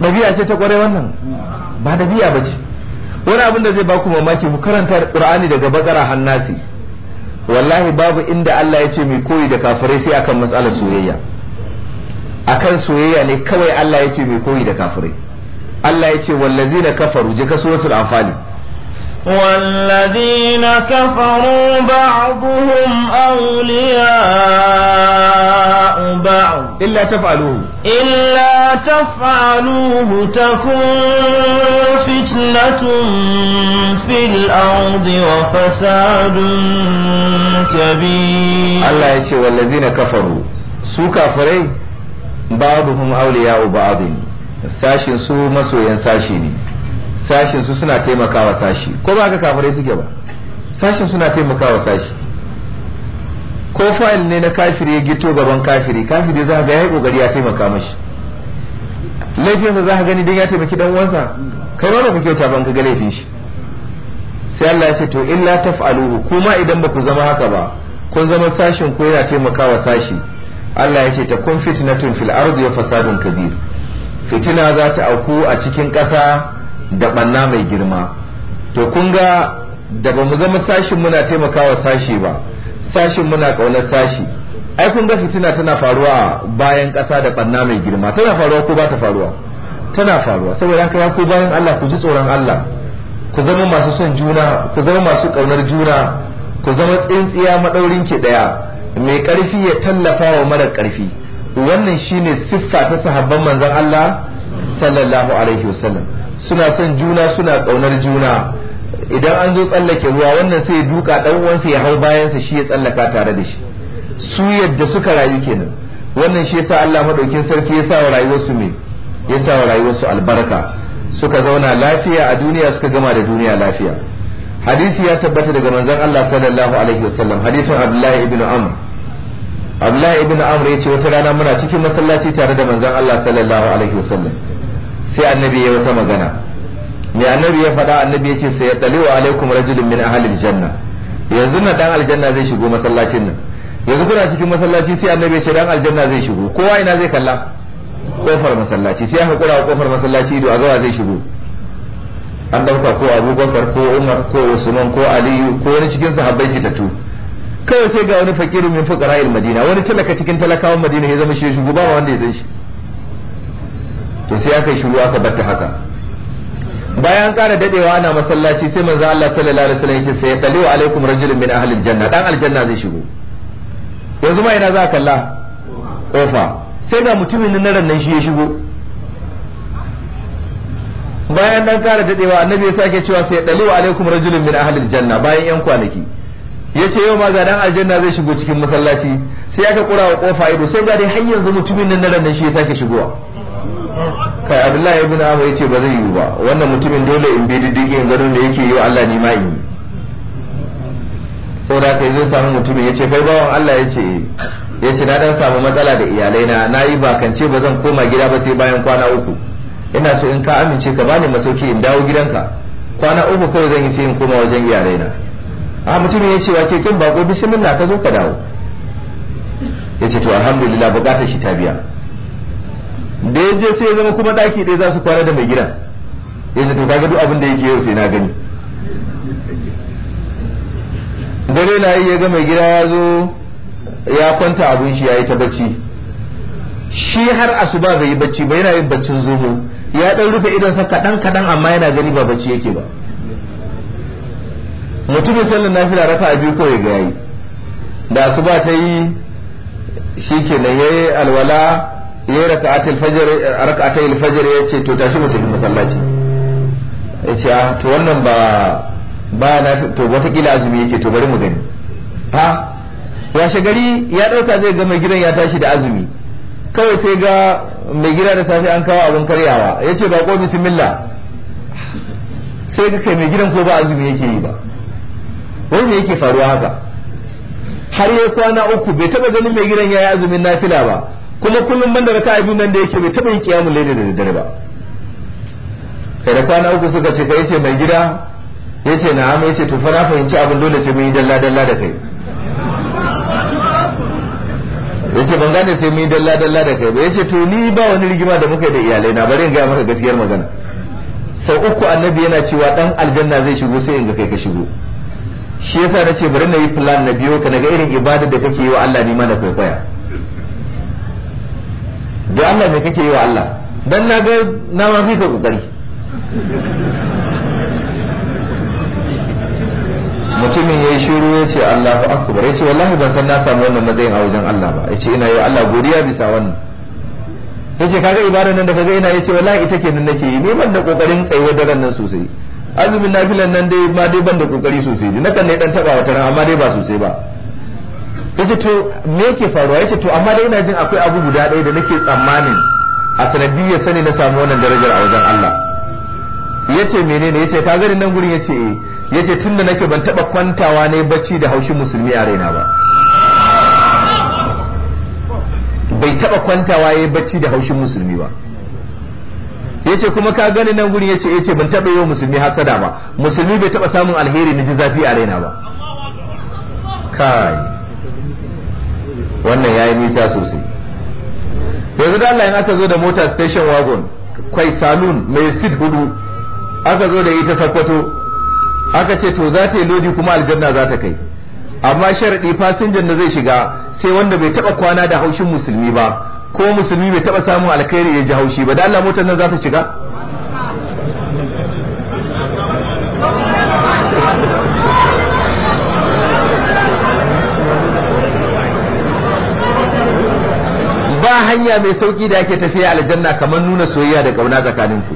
dabiya ce ta kware wannan ba dabiya ba ce wani abin da zai baku mamaki mu karanta qur'ani daga bakara hannasi wallahi babu inda Allah ya ce mai koyi da kafirai sai akan matsalar soyayya akan soyayya ne kawai Allah ya ce mai koyi da kafirai Allah ya ce wallazina kafaru je ka suratul anfali والذين كفروا بعضهم أولياء بعض إلا تفعلوه إلا تفعلوه تكون فتنة في الأرض وفساد كبير الله يشي والذين كفروا سو كافرين بعضهم أولياء بعض ساشن سو مسوين ساشنين sashin su suna taimakawa sashi ko ba ka kafirai suke ba sashin suna taimakawa sashi ko fa'il ne na kafiri ya gito gaban kafiri kafiri za ga yayi kokari ya taimaka mashi laifinsa za ka gani dan ya taimaki dan uwansa kai ma ka kyauta ban ka ga laifin shi sai Allah ya ce to illa taf'aluhu kuma idan ba ku zama haka ba kun zama sashin ko yana taimakawa sashi Allah ya ce ta kun fitnatun fil ardi wa fasadun kabir fitina za ta auku a cikin ƙasa da banna mai girma to kun ga da ba mu zama sashin muna taimakawa sashi ba sashin muna kaunar sashi ai kun ga fitina tana faruwa bayan ƙasa da banna mai girma tana faruwa ko ba ta faruwa tana faruwa saboda haka ya ku bayan Allah ku ji tsoron Allah ku zama masu son juna ku zama masu kaunar juna ku zama tsintsiya madaurin ki daya mai ƙarfi ya tallafa wa mara karfi wannan shine siffa ta sahabban manzon Allah sallallahu alaihi wasallam suna son juna suna ƙaunar juna idan an zo tsallake ruwa wannan sai ya duka ɗan uwansa ya hau bayansa shi ya tsallaka tare da shi su yadda suka rayu kenan wannan shi yasa Allah madaukin sarki ya sa wa rayuwarsu me ya sa wa rayuwarsu albarka suka zauna lafiya a duniya suka gama da duniya lafiya hadisi ya tabbata daga manzon Allah sallallahu alaihi wasallam hadisin Abdullahi ibn Amr Abdullahi ibn Amr yace wata rana muna cikin masallaci tare da manzon Allah sallallahu alaihi wasallam sai annabi ya wata magana mai annabi ya fada annabi ya ce sai ya tsali wa alaikum rajulun min ahalil janna yanzu na dan aljanna zai shigo masallacin nan yanzu kuna cikin masallaci sai annabi ya ce dan aljanna zai shigo kowa ina zai kalla kofar masallaci sai aka kura kofar masallaci ido a zai shigo an dauka ko abubakar ko umar ko usman ko aliyu ko wani cikin sahabbai fitattu kawai sai ga wani fakirin min fuqara'il madina wani talaka cikin talakawan madina ya zama shi shugaba wanda ya san shi to sai aka shiru aka batta haka bayan kara dadewa na masallaci sai manzo Allah sallallahu alaihi wasallam yace sai qaliu alaikum rajulun min ahli aljanna dan aljanna zai shigo yanzu ma ina za kalla kofa sai ga mutumin nan ran nan shi ya shigo bayan dan kara dadewa annabi ya sake cewa sai qaliu alaikum rajulun min ahli aljanna bayan yan kwanaki yace yau ma ga dan aljanna zai shigo cikin masallaci sai aka kura wa kofa ido sai ga dai har yanzu mutumin nan ran nan shi ya sake shigowa kai abdullahi ibn abu yace ba zai yiwu ba wannan mutumin dole in bi diddigin garin da yake yi wa Allah ni ma yi saboda kai zai samu mutumin yace kai bawan Allah yace ce na dan samu matsala da iyalai na nayi bakance ba zan koma gida ba sai bayan kwana uku ina so in ka amince ka bani masauki in dawo gidanka kwana uku kawai zan yi sai in koma wajen iyalai na a mutumin ya ce wa ke kin bako bismillah ka zo ka dawo yace to alhamdulillah bukatar shi ta biya da ya je sai ya zama kuma daki ɗaya za su kwana da mai gida ya ce to kaga duk abin da yake yau sai na gani dare na yi ya ga mai gida ya zo ya kwanta abin shi ya yi ta bacci shi har asuba bai yi bacci ba yana yin baccin zomo ya dan rufe idan sa kaɗan kaɗan amma yana gani ba bacci yake ba mutumin sallan nafila raka a biyu kawai ga yayi da asuba ta yi shi ke ya yi alwala yayi raka'atul fajr raka'atul fajr yace to tashi mu tafi masallaci yace a ah, to wannan ba ba na to watakila azumi yake to bari mu gani ha ya gari ya dauka zai ga mai gidan ya tashi da azumi kawai sai ga mai gida da safe an kawo abin karyawa yace ba ko bismillah sai ga kai mai gidan ko ba azumi yake yi ba wai me yake faruwa haka har ya kwana uku bai taba ganin mai gidan ya yi azumin nafila ba kuma kullum banda raka'a abin nan da yake bai taba yin qiyamul layli da daddare ba kai da kwana uku suka ce kai ce mai gida yace na'am yace to fa na fahimci abin dole sai mun yi dalla dalla da kai yace ban gane sai mun yi dalla dalla da kai ba yace to ni ba wani rigima da muka da iyalai na bari in ga maka gaskiyar magana sau uku annabi yana cewa dan aljanna zai shigo sai in ga kai ka shigo shi yasa nace bari na yi plan na biyo ka naga irin ibada da kake yi wa Allah ni mana na kwaikwaya da Allah me kake yi wa Allah dan na ga na ma fi ka kokari mutumin ya yi shiru ya ce Allahu akbar ya ce wallahi ban san na samu wannan matsayin a wajen Allah ba ya ce ina yi Allah godiya bisa wannan ya ce kaga ibadar nan da kaga ina ya ce wallahi ita kenan nake yi ni ban da kokarin tsayuwar daren nan sosai azumin nafilan nan dai ma dai ban da kokari sosai nakan ne dan taba wata ran amma dai ba sosai ba yace to me yake faruwa yace to amma dai ina jin akwai abu guda ɗaya da nake tsammanin a sanadiyya sani na samu wannan darajar a wajen Allah yace menene yace ka gani nan gurin yace eh yace tunda nake ban taba kwantawa ne bacci da haushin musulmi a raina ba bai taba kwantawa yayi bacci da haushin musulmi ba yace kuma ka gani nan gurin yace yace eh, ban taba yi musulmi hasada ba musulmi bai taba samun alheri na ji zafi a raina ba kai wannan yayi nisa sosai yanzu da Allah in aka zo da mota station wagon kwai saloon mai seat hudu aka zo da ita sakwato aka ce to za ta yi lodi kuma aljanna za ta kai amma sharadi fasinjan da zai shiga sai wanda bai taba kwana da haushin musulmi ba ko musulmi bai taba samun alkhairi ya ji haushi ba da Allah motar nan za ta shiga hanya mai sauki da ake tafiya aljanna kamar nuna soyayya da kauna tsakanin ku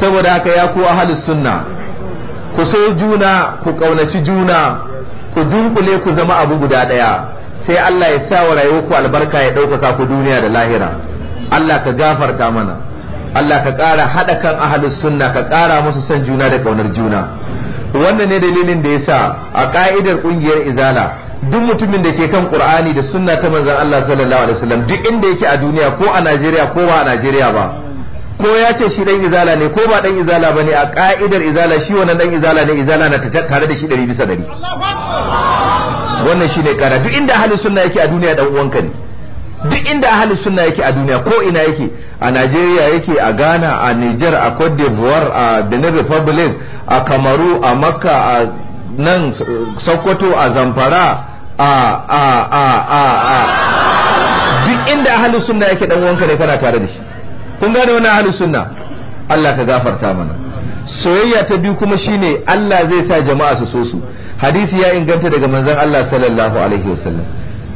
saboda haka ya ku ahlus sunna ku so juna ku kaunaci juna ku dunkule ku zama abu guda daya sai Allah ya sa wa rayuwarku albarka ya ɗaukaka ku duniya da lahira Allah ka gafarta mana Allah ka ƙara haɗa kan ahalus sunna ka ƙara musu son juna da ƙaunar juna wannan ne dalilin da ya sa a ƙa'idar ƙungiyar izala duk mutumin da ke kan qur'ani da sunna ta manzon Allah sallallahu alaihi wasallam duk inda yake a duniya ko a Najeriya ko ba a Najeriya ba ko ya ce shi dan izala ne ko ba dan izala bane a ka'idar izala shi wannan dan izala ne izala na tare da shi dari bisa 100 wannan shi ne kara duk inda ahli sunna yake a duniya dan uwanka ne duk inda ahli sunna yake a duniya ko ina yake a Najeriya yake a Ghana a Niger a Cote d'Ivoire a Benin Republic a Kamaru a Makka a nan Sokoto a Zamfara a a a a a duk inda ahlus sunna yake dan wanka ne kana tare da shi kun gane wannan ahlus sunna Allah ka gafarta mana soyayya ta biyu kuma shine Allah zai sa jama'a su so su hadisi ya inganta daga manzon Allah sallallahu alaihi wasallam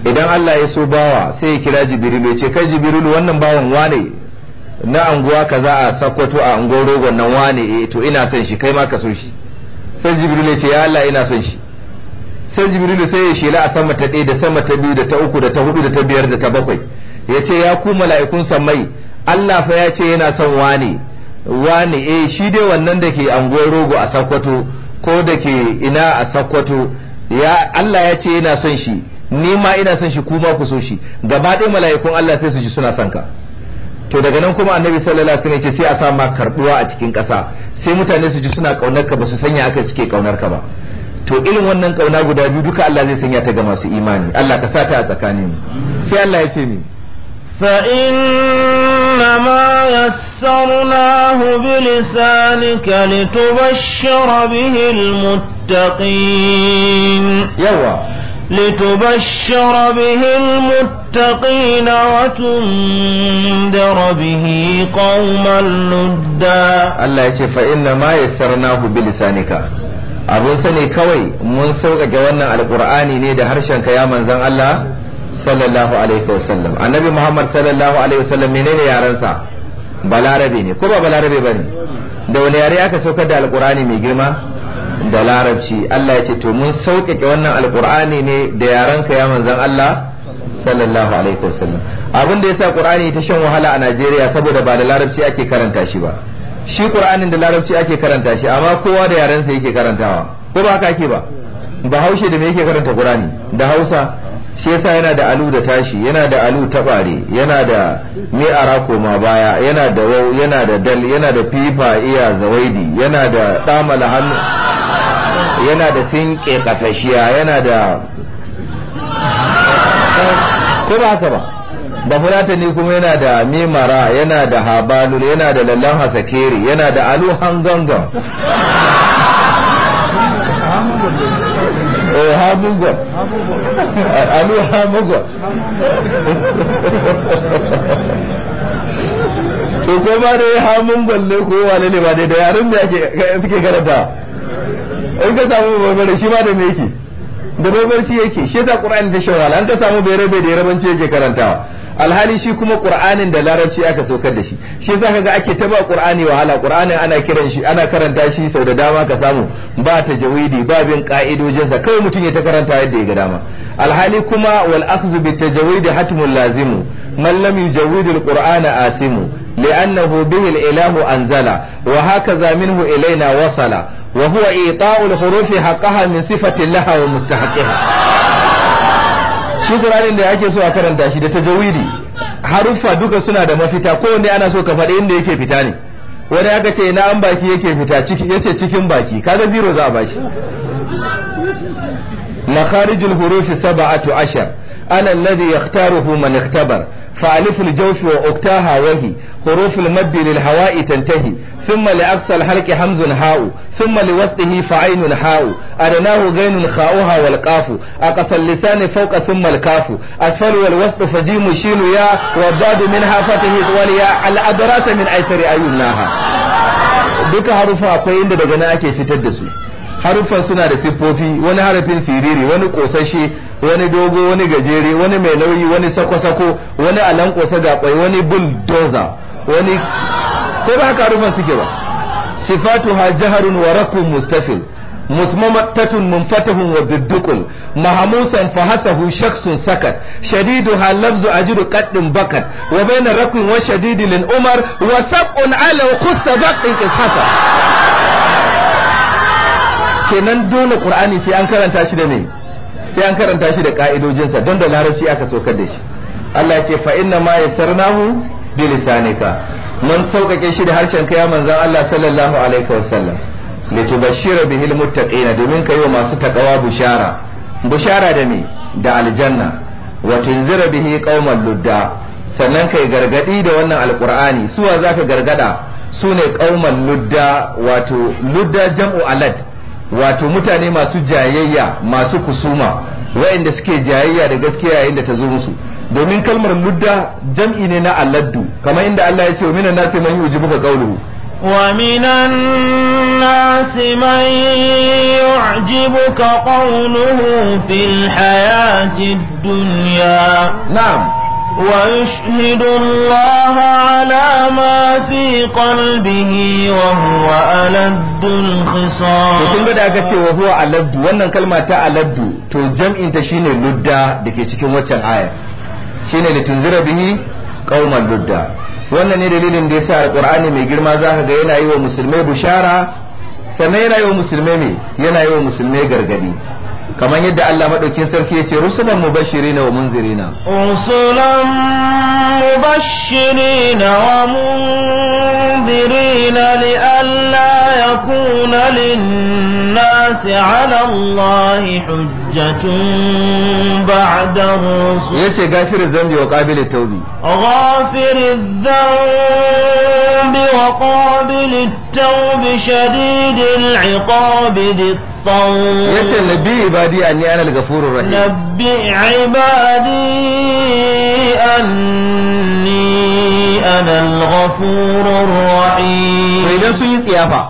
idan Allah ya so bawa sai ya kira Jibril ya ce kai Jibril wannan bawan wane na anguwa kaza a sakwato a anguwar rogon nan wane eh to ina son shi kai ma ka so shi sai Jibril ya ce ya Allah ina son shi sai jibril sai ya shela a sama ta ɗaya da sama ta biyu da ta uku da ta hudu da ta biyar da ta bakwai ya ce ya ku mala'ikun samai Allah fa ya ce yana son wane wane eh shi dai wannan da ke anguwar rogo a sakkwato ko da ke ina a sakkwato ya Allah ya ce yana son shi ni ma ina son shi kuma ku so shi gaba ɗaya mala'ikun Allah sai su ji suna son ka to daga nan kuma annabi sallallahu alaihi wasallam ya ce sai a sa ma karbuwa a cikin ƙasa sai mutane su ji suna kaunar ka ba su sanya aka suke kaunar ka ba to irin wannan kauna guda biyu duka Allah zai sanya ta ga masu imani Allah ka sa ta a tsakanin sai Allah ya ce ni فإنما يسرناه بلسانك لتبشر به المتقين يوا لتبشر به المتقين وتنذر به قوما لدا الله يشفى إنما يسرناه بلسانك abun sani kawai mun sauƙaƙe wannan alƙur'ani ne da harshen ka ya manzan Allah sallallahu alaihi wasallam annabi Muhammad sallallahu alaihi wasallam menene yarensa balarabe ne ko ba balarabe bane da wani yare aka saukar da alƙur'ani mai girma da larabci Allah ya ce to mun sauƙaƙe wannan alƙur'ani ne da yarenka ya manzan Allah sallallahu alaihi wasallam abin da yasa qur'ani ta shan wahala a Najeriya saboda ba da larabci ake karanta shi ba shi qur'anin da larabci ake karanta shi amma kowa da yarensa yake karantawa ko ba haka ake ba bahaushe da me yake karanta qur'ani da hausa shi yasa yana da alu da tashi yana da alu tabare yana da mi ara ma baya yana da wau yana da dal yana da fifa iya zawaidi yana da damala hannu yana da sinke kasashiya yana da ko ba haka ba ba ne kuma yana da mimara yana da habalul yana da lallan hasakeri yana da alu hangangan eh ba da yi to ko ko wane ne ba dai da yaren da suke karanta in ka samu barbare shi ba da me yake da shi yake shi ta qur'ani ta shawala an ka samu bai da yarabanci yake karantawa alhali shi kuma qur'anin da larabci aka saukar da shi shi za ka ga ake taba ba qur'ani wahala qur'anin ana kiran shi ana karanta shi sau da dama ka samu ba tajawidi ba bin ka'idojin sa kawai mutum ya ta karanta yadda ya ga dama alhali kuma wal akhdhu bit tajawidi hatmun lazimu man lam yujawid al qur'ana asimu لأنه به الإله أنزل وهكذا منه إلينا وصل وهو إيطاء الحروف حقها من صفة لها ومستحقها shi Qur'anin da ake so a karanta shi da tajawidi haruffa duka suna da mafita ko kowanne ana so ka faɗi inda yake fita ne wani aka ce ina an baki yake fita yace cikin baki kaga zero za a bashi مخارج الحروف سبعة عشر أنا الذي يختاره من اختبر فألف الجوف وأكتاها وهي حروف المد للهواء تنتهي ثم لأقصى الحلق حمز هاء ثم لوسطه فعين حاء أرناه غين خاؤها والقاف أقصى اللسان فوق ثم الكاف أسفل والوسط فجيم شين يا والضاد منها فته وليا الأدراس من أيسر أيناها duka harufa akwai inda daga na ake fitar da su haruffan suna da siffofi wani harafin siriri wani kosashe wani dogo wani gajere wani mai nauyi wani sako-sako wani alankosa gaɓai wani bulldozer wani ko ba haka harufan suke ba ha jaharun wa rakun mustafil musmamatatun munfatahun wa biddukul mahamusan fahasahu shaksun sakat ha lafzu ajiru qaddin bakat wa baina rakun wa lin umar wa sab'un ala khussa baqin kishasa kenan dole qur'ani sai an karanta shi da ne sai an karanta shi da ka'idojinsa don da larabci aka saukar da shi Allah ce fa inna ma yassarnahu bi lisanika mun sauƙaƙe shi da harshen kai manzon Allah sallallahu alaihi wasallam tubashshira bihil muttaqina domin kai wa masu takawa bushara bushara da me da aljanna wa tunzira bihi qauman ludda sannan kai gargadi da wannan alqur'ani suwa zaka gargada sune qauman ludda wato ludda jam'u alad wato mutane masu jayayya masu kusuma wa'inda suke jayayya da gaskiya yayin da ta zo musu domin kalmar mudda jam'i ne na alladdu kamar inda Allah ya ce wa minan nasi man ka qawluhu wa minan nasi man ka qawluhu fil hayatid dunya na'am ويشهدوا الله على ما في قلبه وهو ألد الخصام kun ga aka ce wa huwa aladdu wannan kalma ta aladdu to jam'in ta shine ludda dake cikin waccan aya shine da tunzira bihi qauman ludda wannan ne dalilin da yasa alqur'ani mai girma zaka ga yana yi wa musulmai bushara sannan yana yi wa musulmai me yana yi wa musulmai gargadi kamar yadda Allah maɗaukin sarki ya ce rusulan mubashirina wa munzirina rusulan mubashirina wa munzirina li alla تكون للناس على الله حجة بعد الرسول يتي غافر الذنب وقابل التوب غافر الذنب وقابل التوب شديد العقاب ذي الطول يتي نبي عبادي أني أنا الغفور الرحيم نبي عبادي أني أنا الغفور الرحيم وإذا يا أفا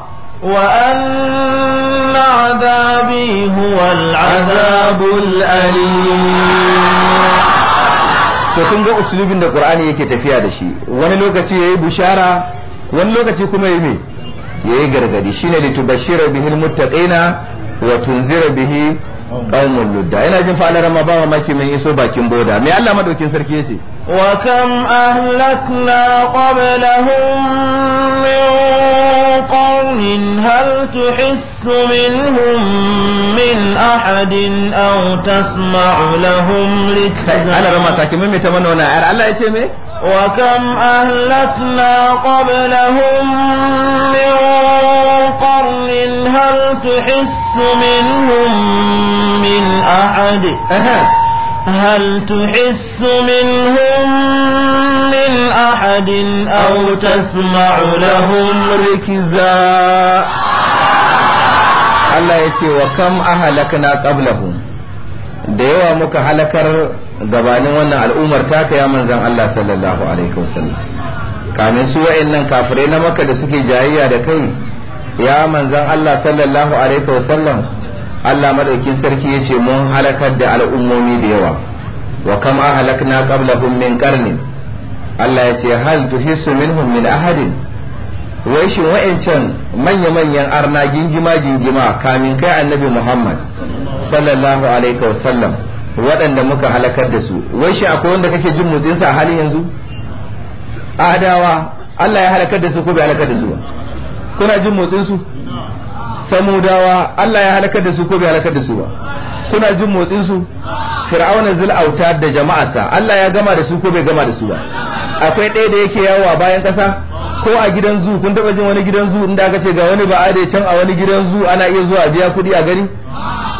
وأن عذابي هو العذاب الأليم to kun ga usulubin da qur'ani yake tafiya da shi wani lokaci yayi bushara wani lokaci kuma yayi me yayi gargadi shine li tubashshira bihil muttaqina wa tunzira bihi qaumul ludda ina jin fa'alar ma ba mamaki mai iso bakin boda me Allah madaukin sarki yace wa kam ahlakna qablahum min قوم هل تحس منهم من أحد أو تسمع لهم ركزا أنا بما تاكي ممي تمنى أنا أرى الله يتمي وكم أهلكنا قبلهم من قرن هل تحس منهم من أحد أه. هل تحس منهم من أحد أو تسمع لهم ركزا Allah ya ce wa kam ahalakna qablahum da yawa muka halakar gabanin wannan al'ummar ta ya manzan Allah sallallahu alaihi wasallam kamin su wa'annan kafirai na maka da suke jayayya da kai ya manzan Allah sallallahu alaihi wasallam Allah madaukin sarki ya ce mun halakar da al'ummomi da yawa wa kam ahlakna qablahum min qarnin Allah ya ce hal tuhisu minhum min ahadin wai shin wa'ancan manya-manyan arna gingima gingima kamin kai annabi Muhammad sallallahu alaihi wasallam waɗanda muka halakar da su wai shi akwai wanda kake jin motsinsa a hali yanzu adawa Allah ya halakar da su ko bai halakar da su ba kuna jin motsinsu samudawa Allah ya halakar da su ko bai halakar da su ba kuna jin motsin su fir'auna zil auta da jama'arsa Allah ya gama da su ko bai gama da su ba akwai ɗaya da yake yawo a bayan ƙasa ko a gidan zu kun taba jin wani gidan zu inda aka ce ga wani ba da can a wani gidan zu ana iya zuwa biya kuɗi a gari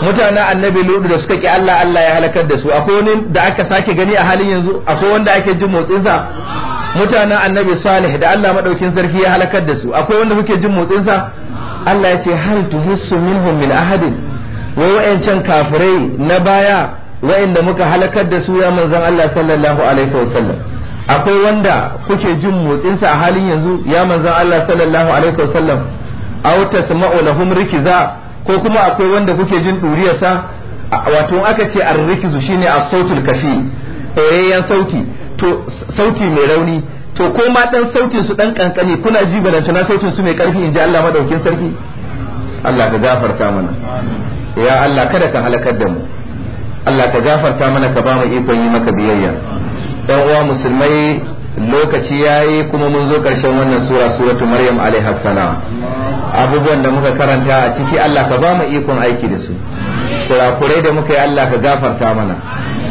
mutanen annabi ludu da suka ki Allah Allah ya halakar da su akwai wani da aka sake gani a halin yanzu akwai wanda ake jin motsinsa mutanen annabi salih da Allah madaukin sarki ya halakar da su akwai wanda kuke jin motsinsa Allah ya ce hal tuhissu minhum min ahadin wai wayancan kafirai na baya wayanda muka halakar da su ya manzon Allah sallallahu alaihi wasallam akwai wanda kuke jin motsinsa a halin yanzu ya manzon Allah sallallahu alaihi wasallam aw tasma'u lahum rikiza ko kuma akwai wanda kuke jin duriyarsa wato aka ce ar-rikizu shine as-sautul kafi sauti to sauti mai rauni to ko ma dan sautin su dan kankane kuna ji balanta na sautin su mai karfi in ji Allah madaukin sarki Allah ka gafarta mana ya Allah kada ka halakar da mu Allah ka gafarta mana ka ba mu ikon yi maka biyayya dan uwa musulmai lokaci yayi kuma mun zo karshen wannan sura suratu maryam alaihi salam abubuwan da muka karanta a ciki Allah ka ba mu ikon aiki da su kurakurai da muka yi Allah ka gafarta mana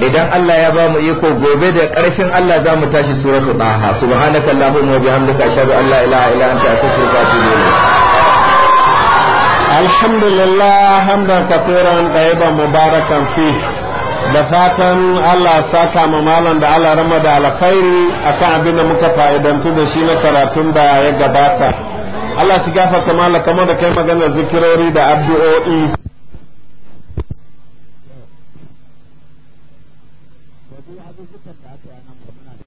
idan Allah ya ba mu iko gobe da karfin Allah za mu tashi suratu daha subhanaka allahumma wa bihamdika ashhadu an la ilaha illa anta astaghfiruka wa atubu ilayk alhamdulillah hamdan kafiran tayyiban mubarakan fi da fatan Allah saka mu malam da Allah rama da alkhairi akan abin da muka fa'idantu da shi na karatun da ya gabata Allah shi gafarta malaka kamar da kai maganar zikirori da addu'o'i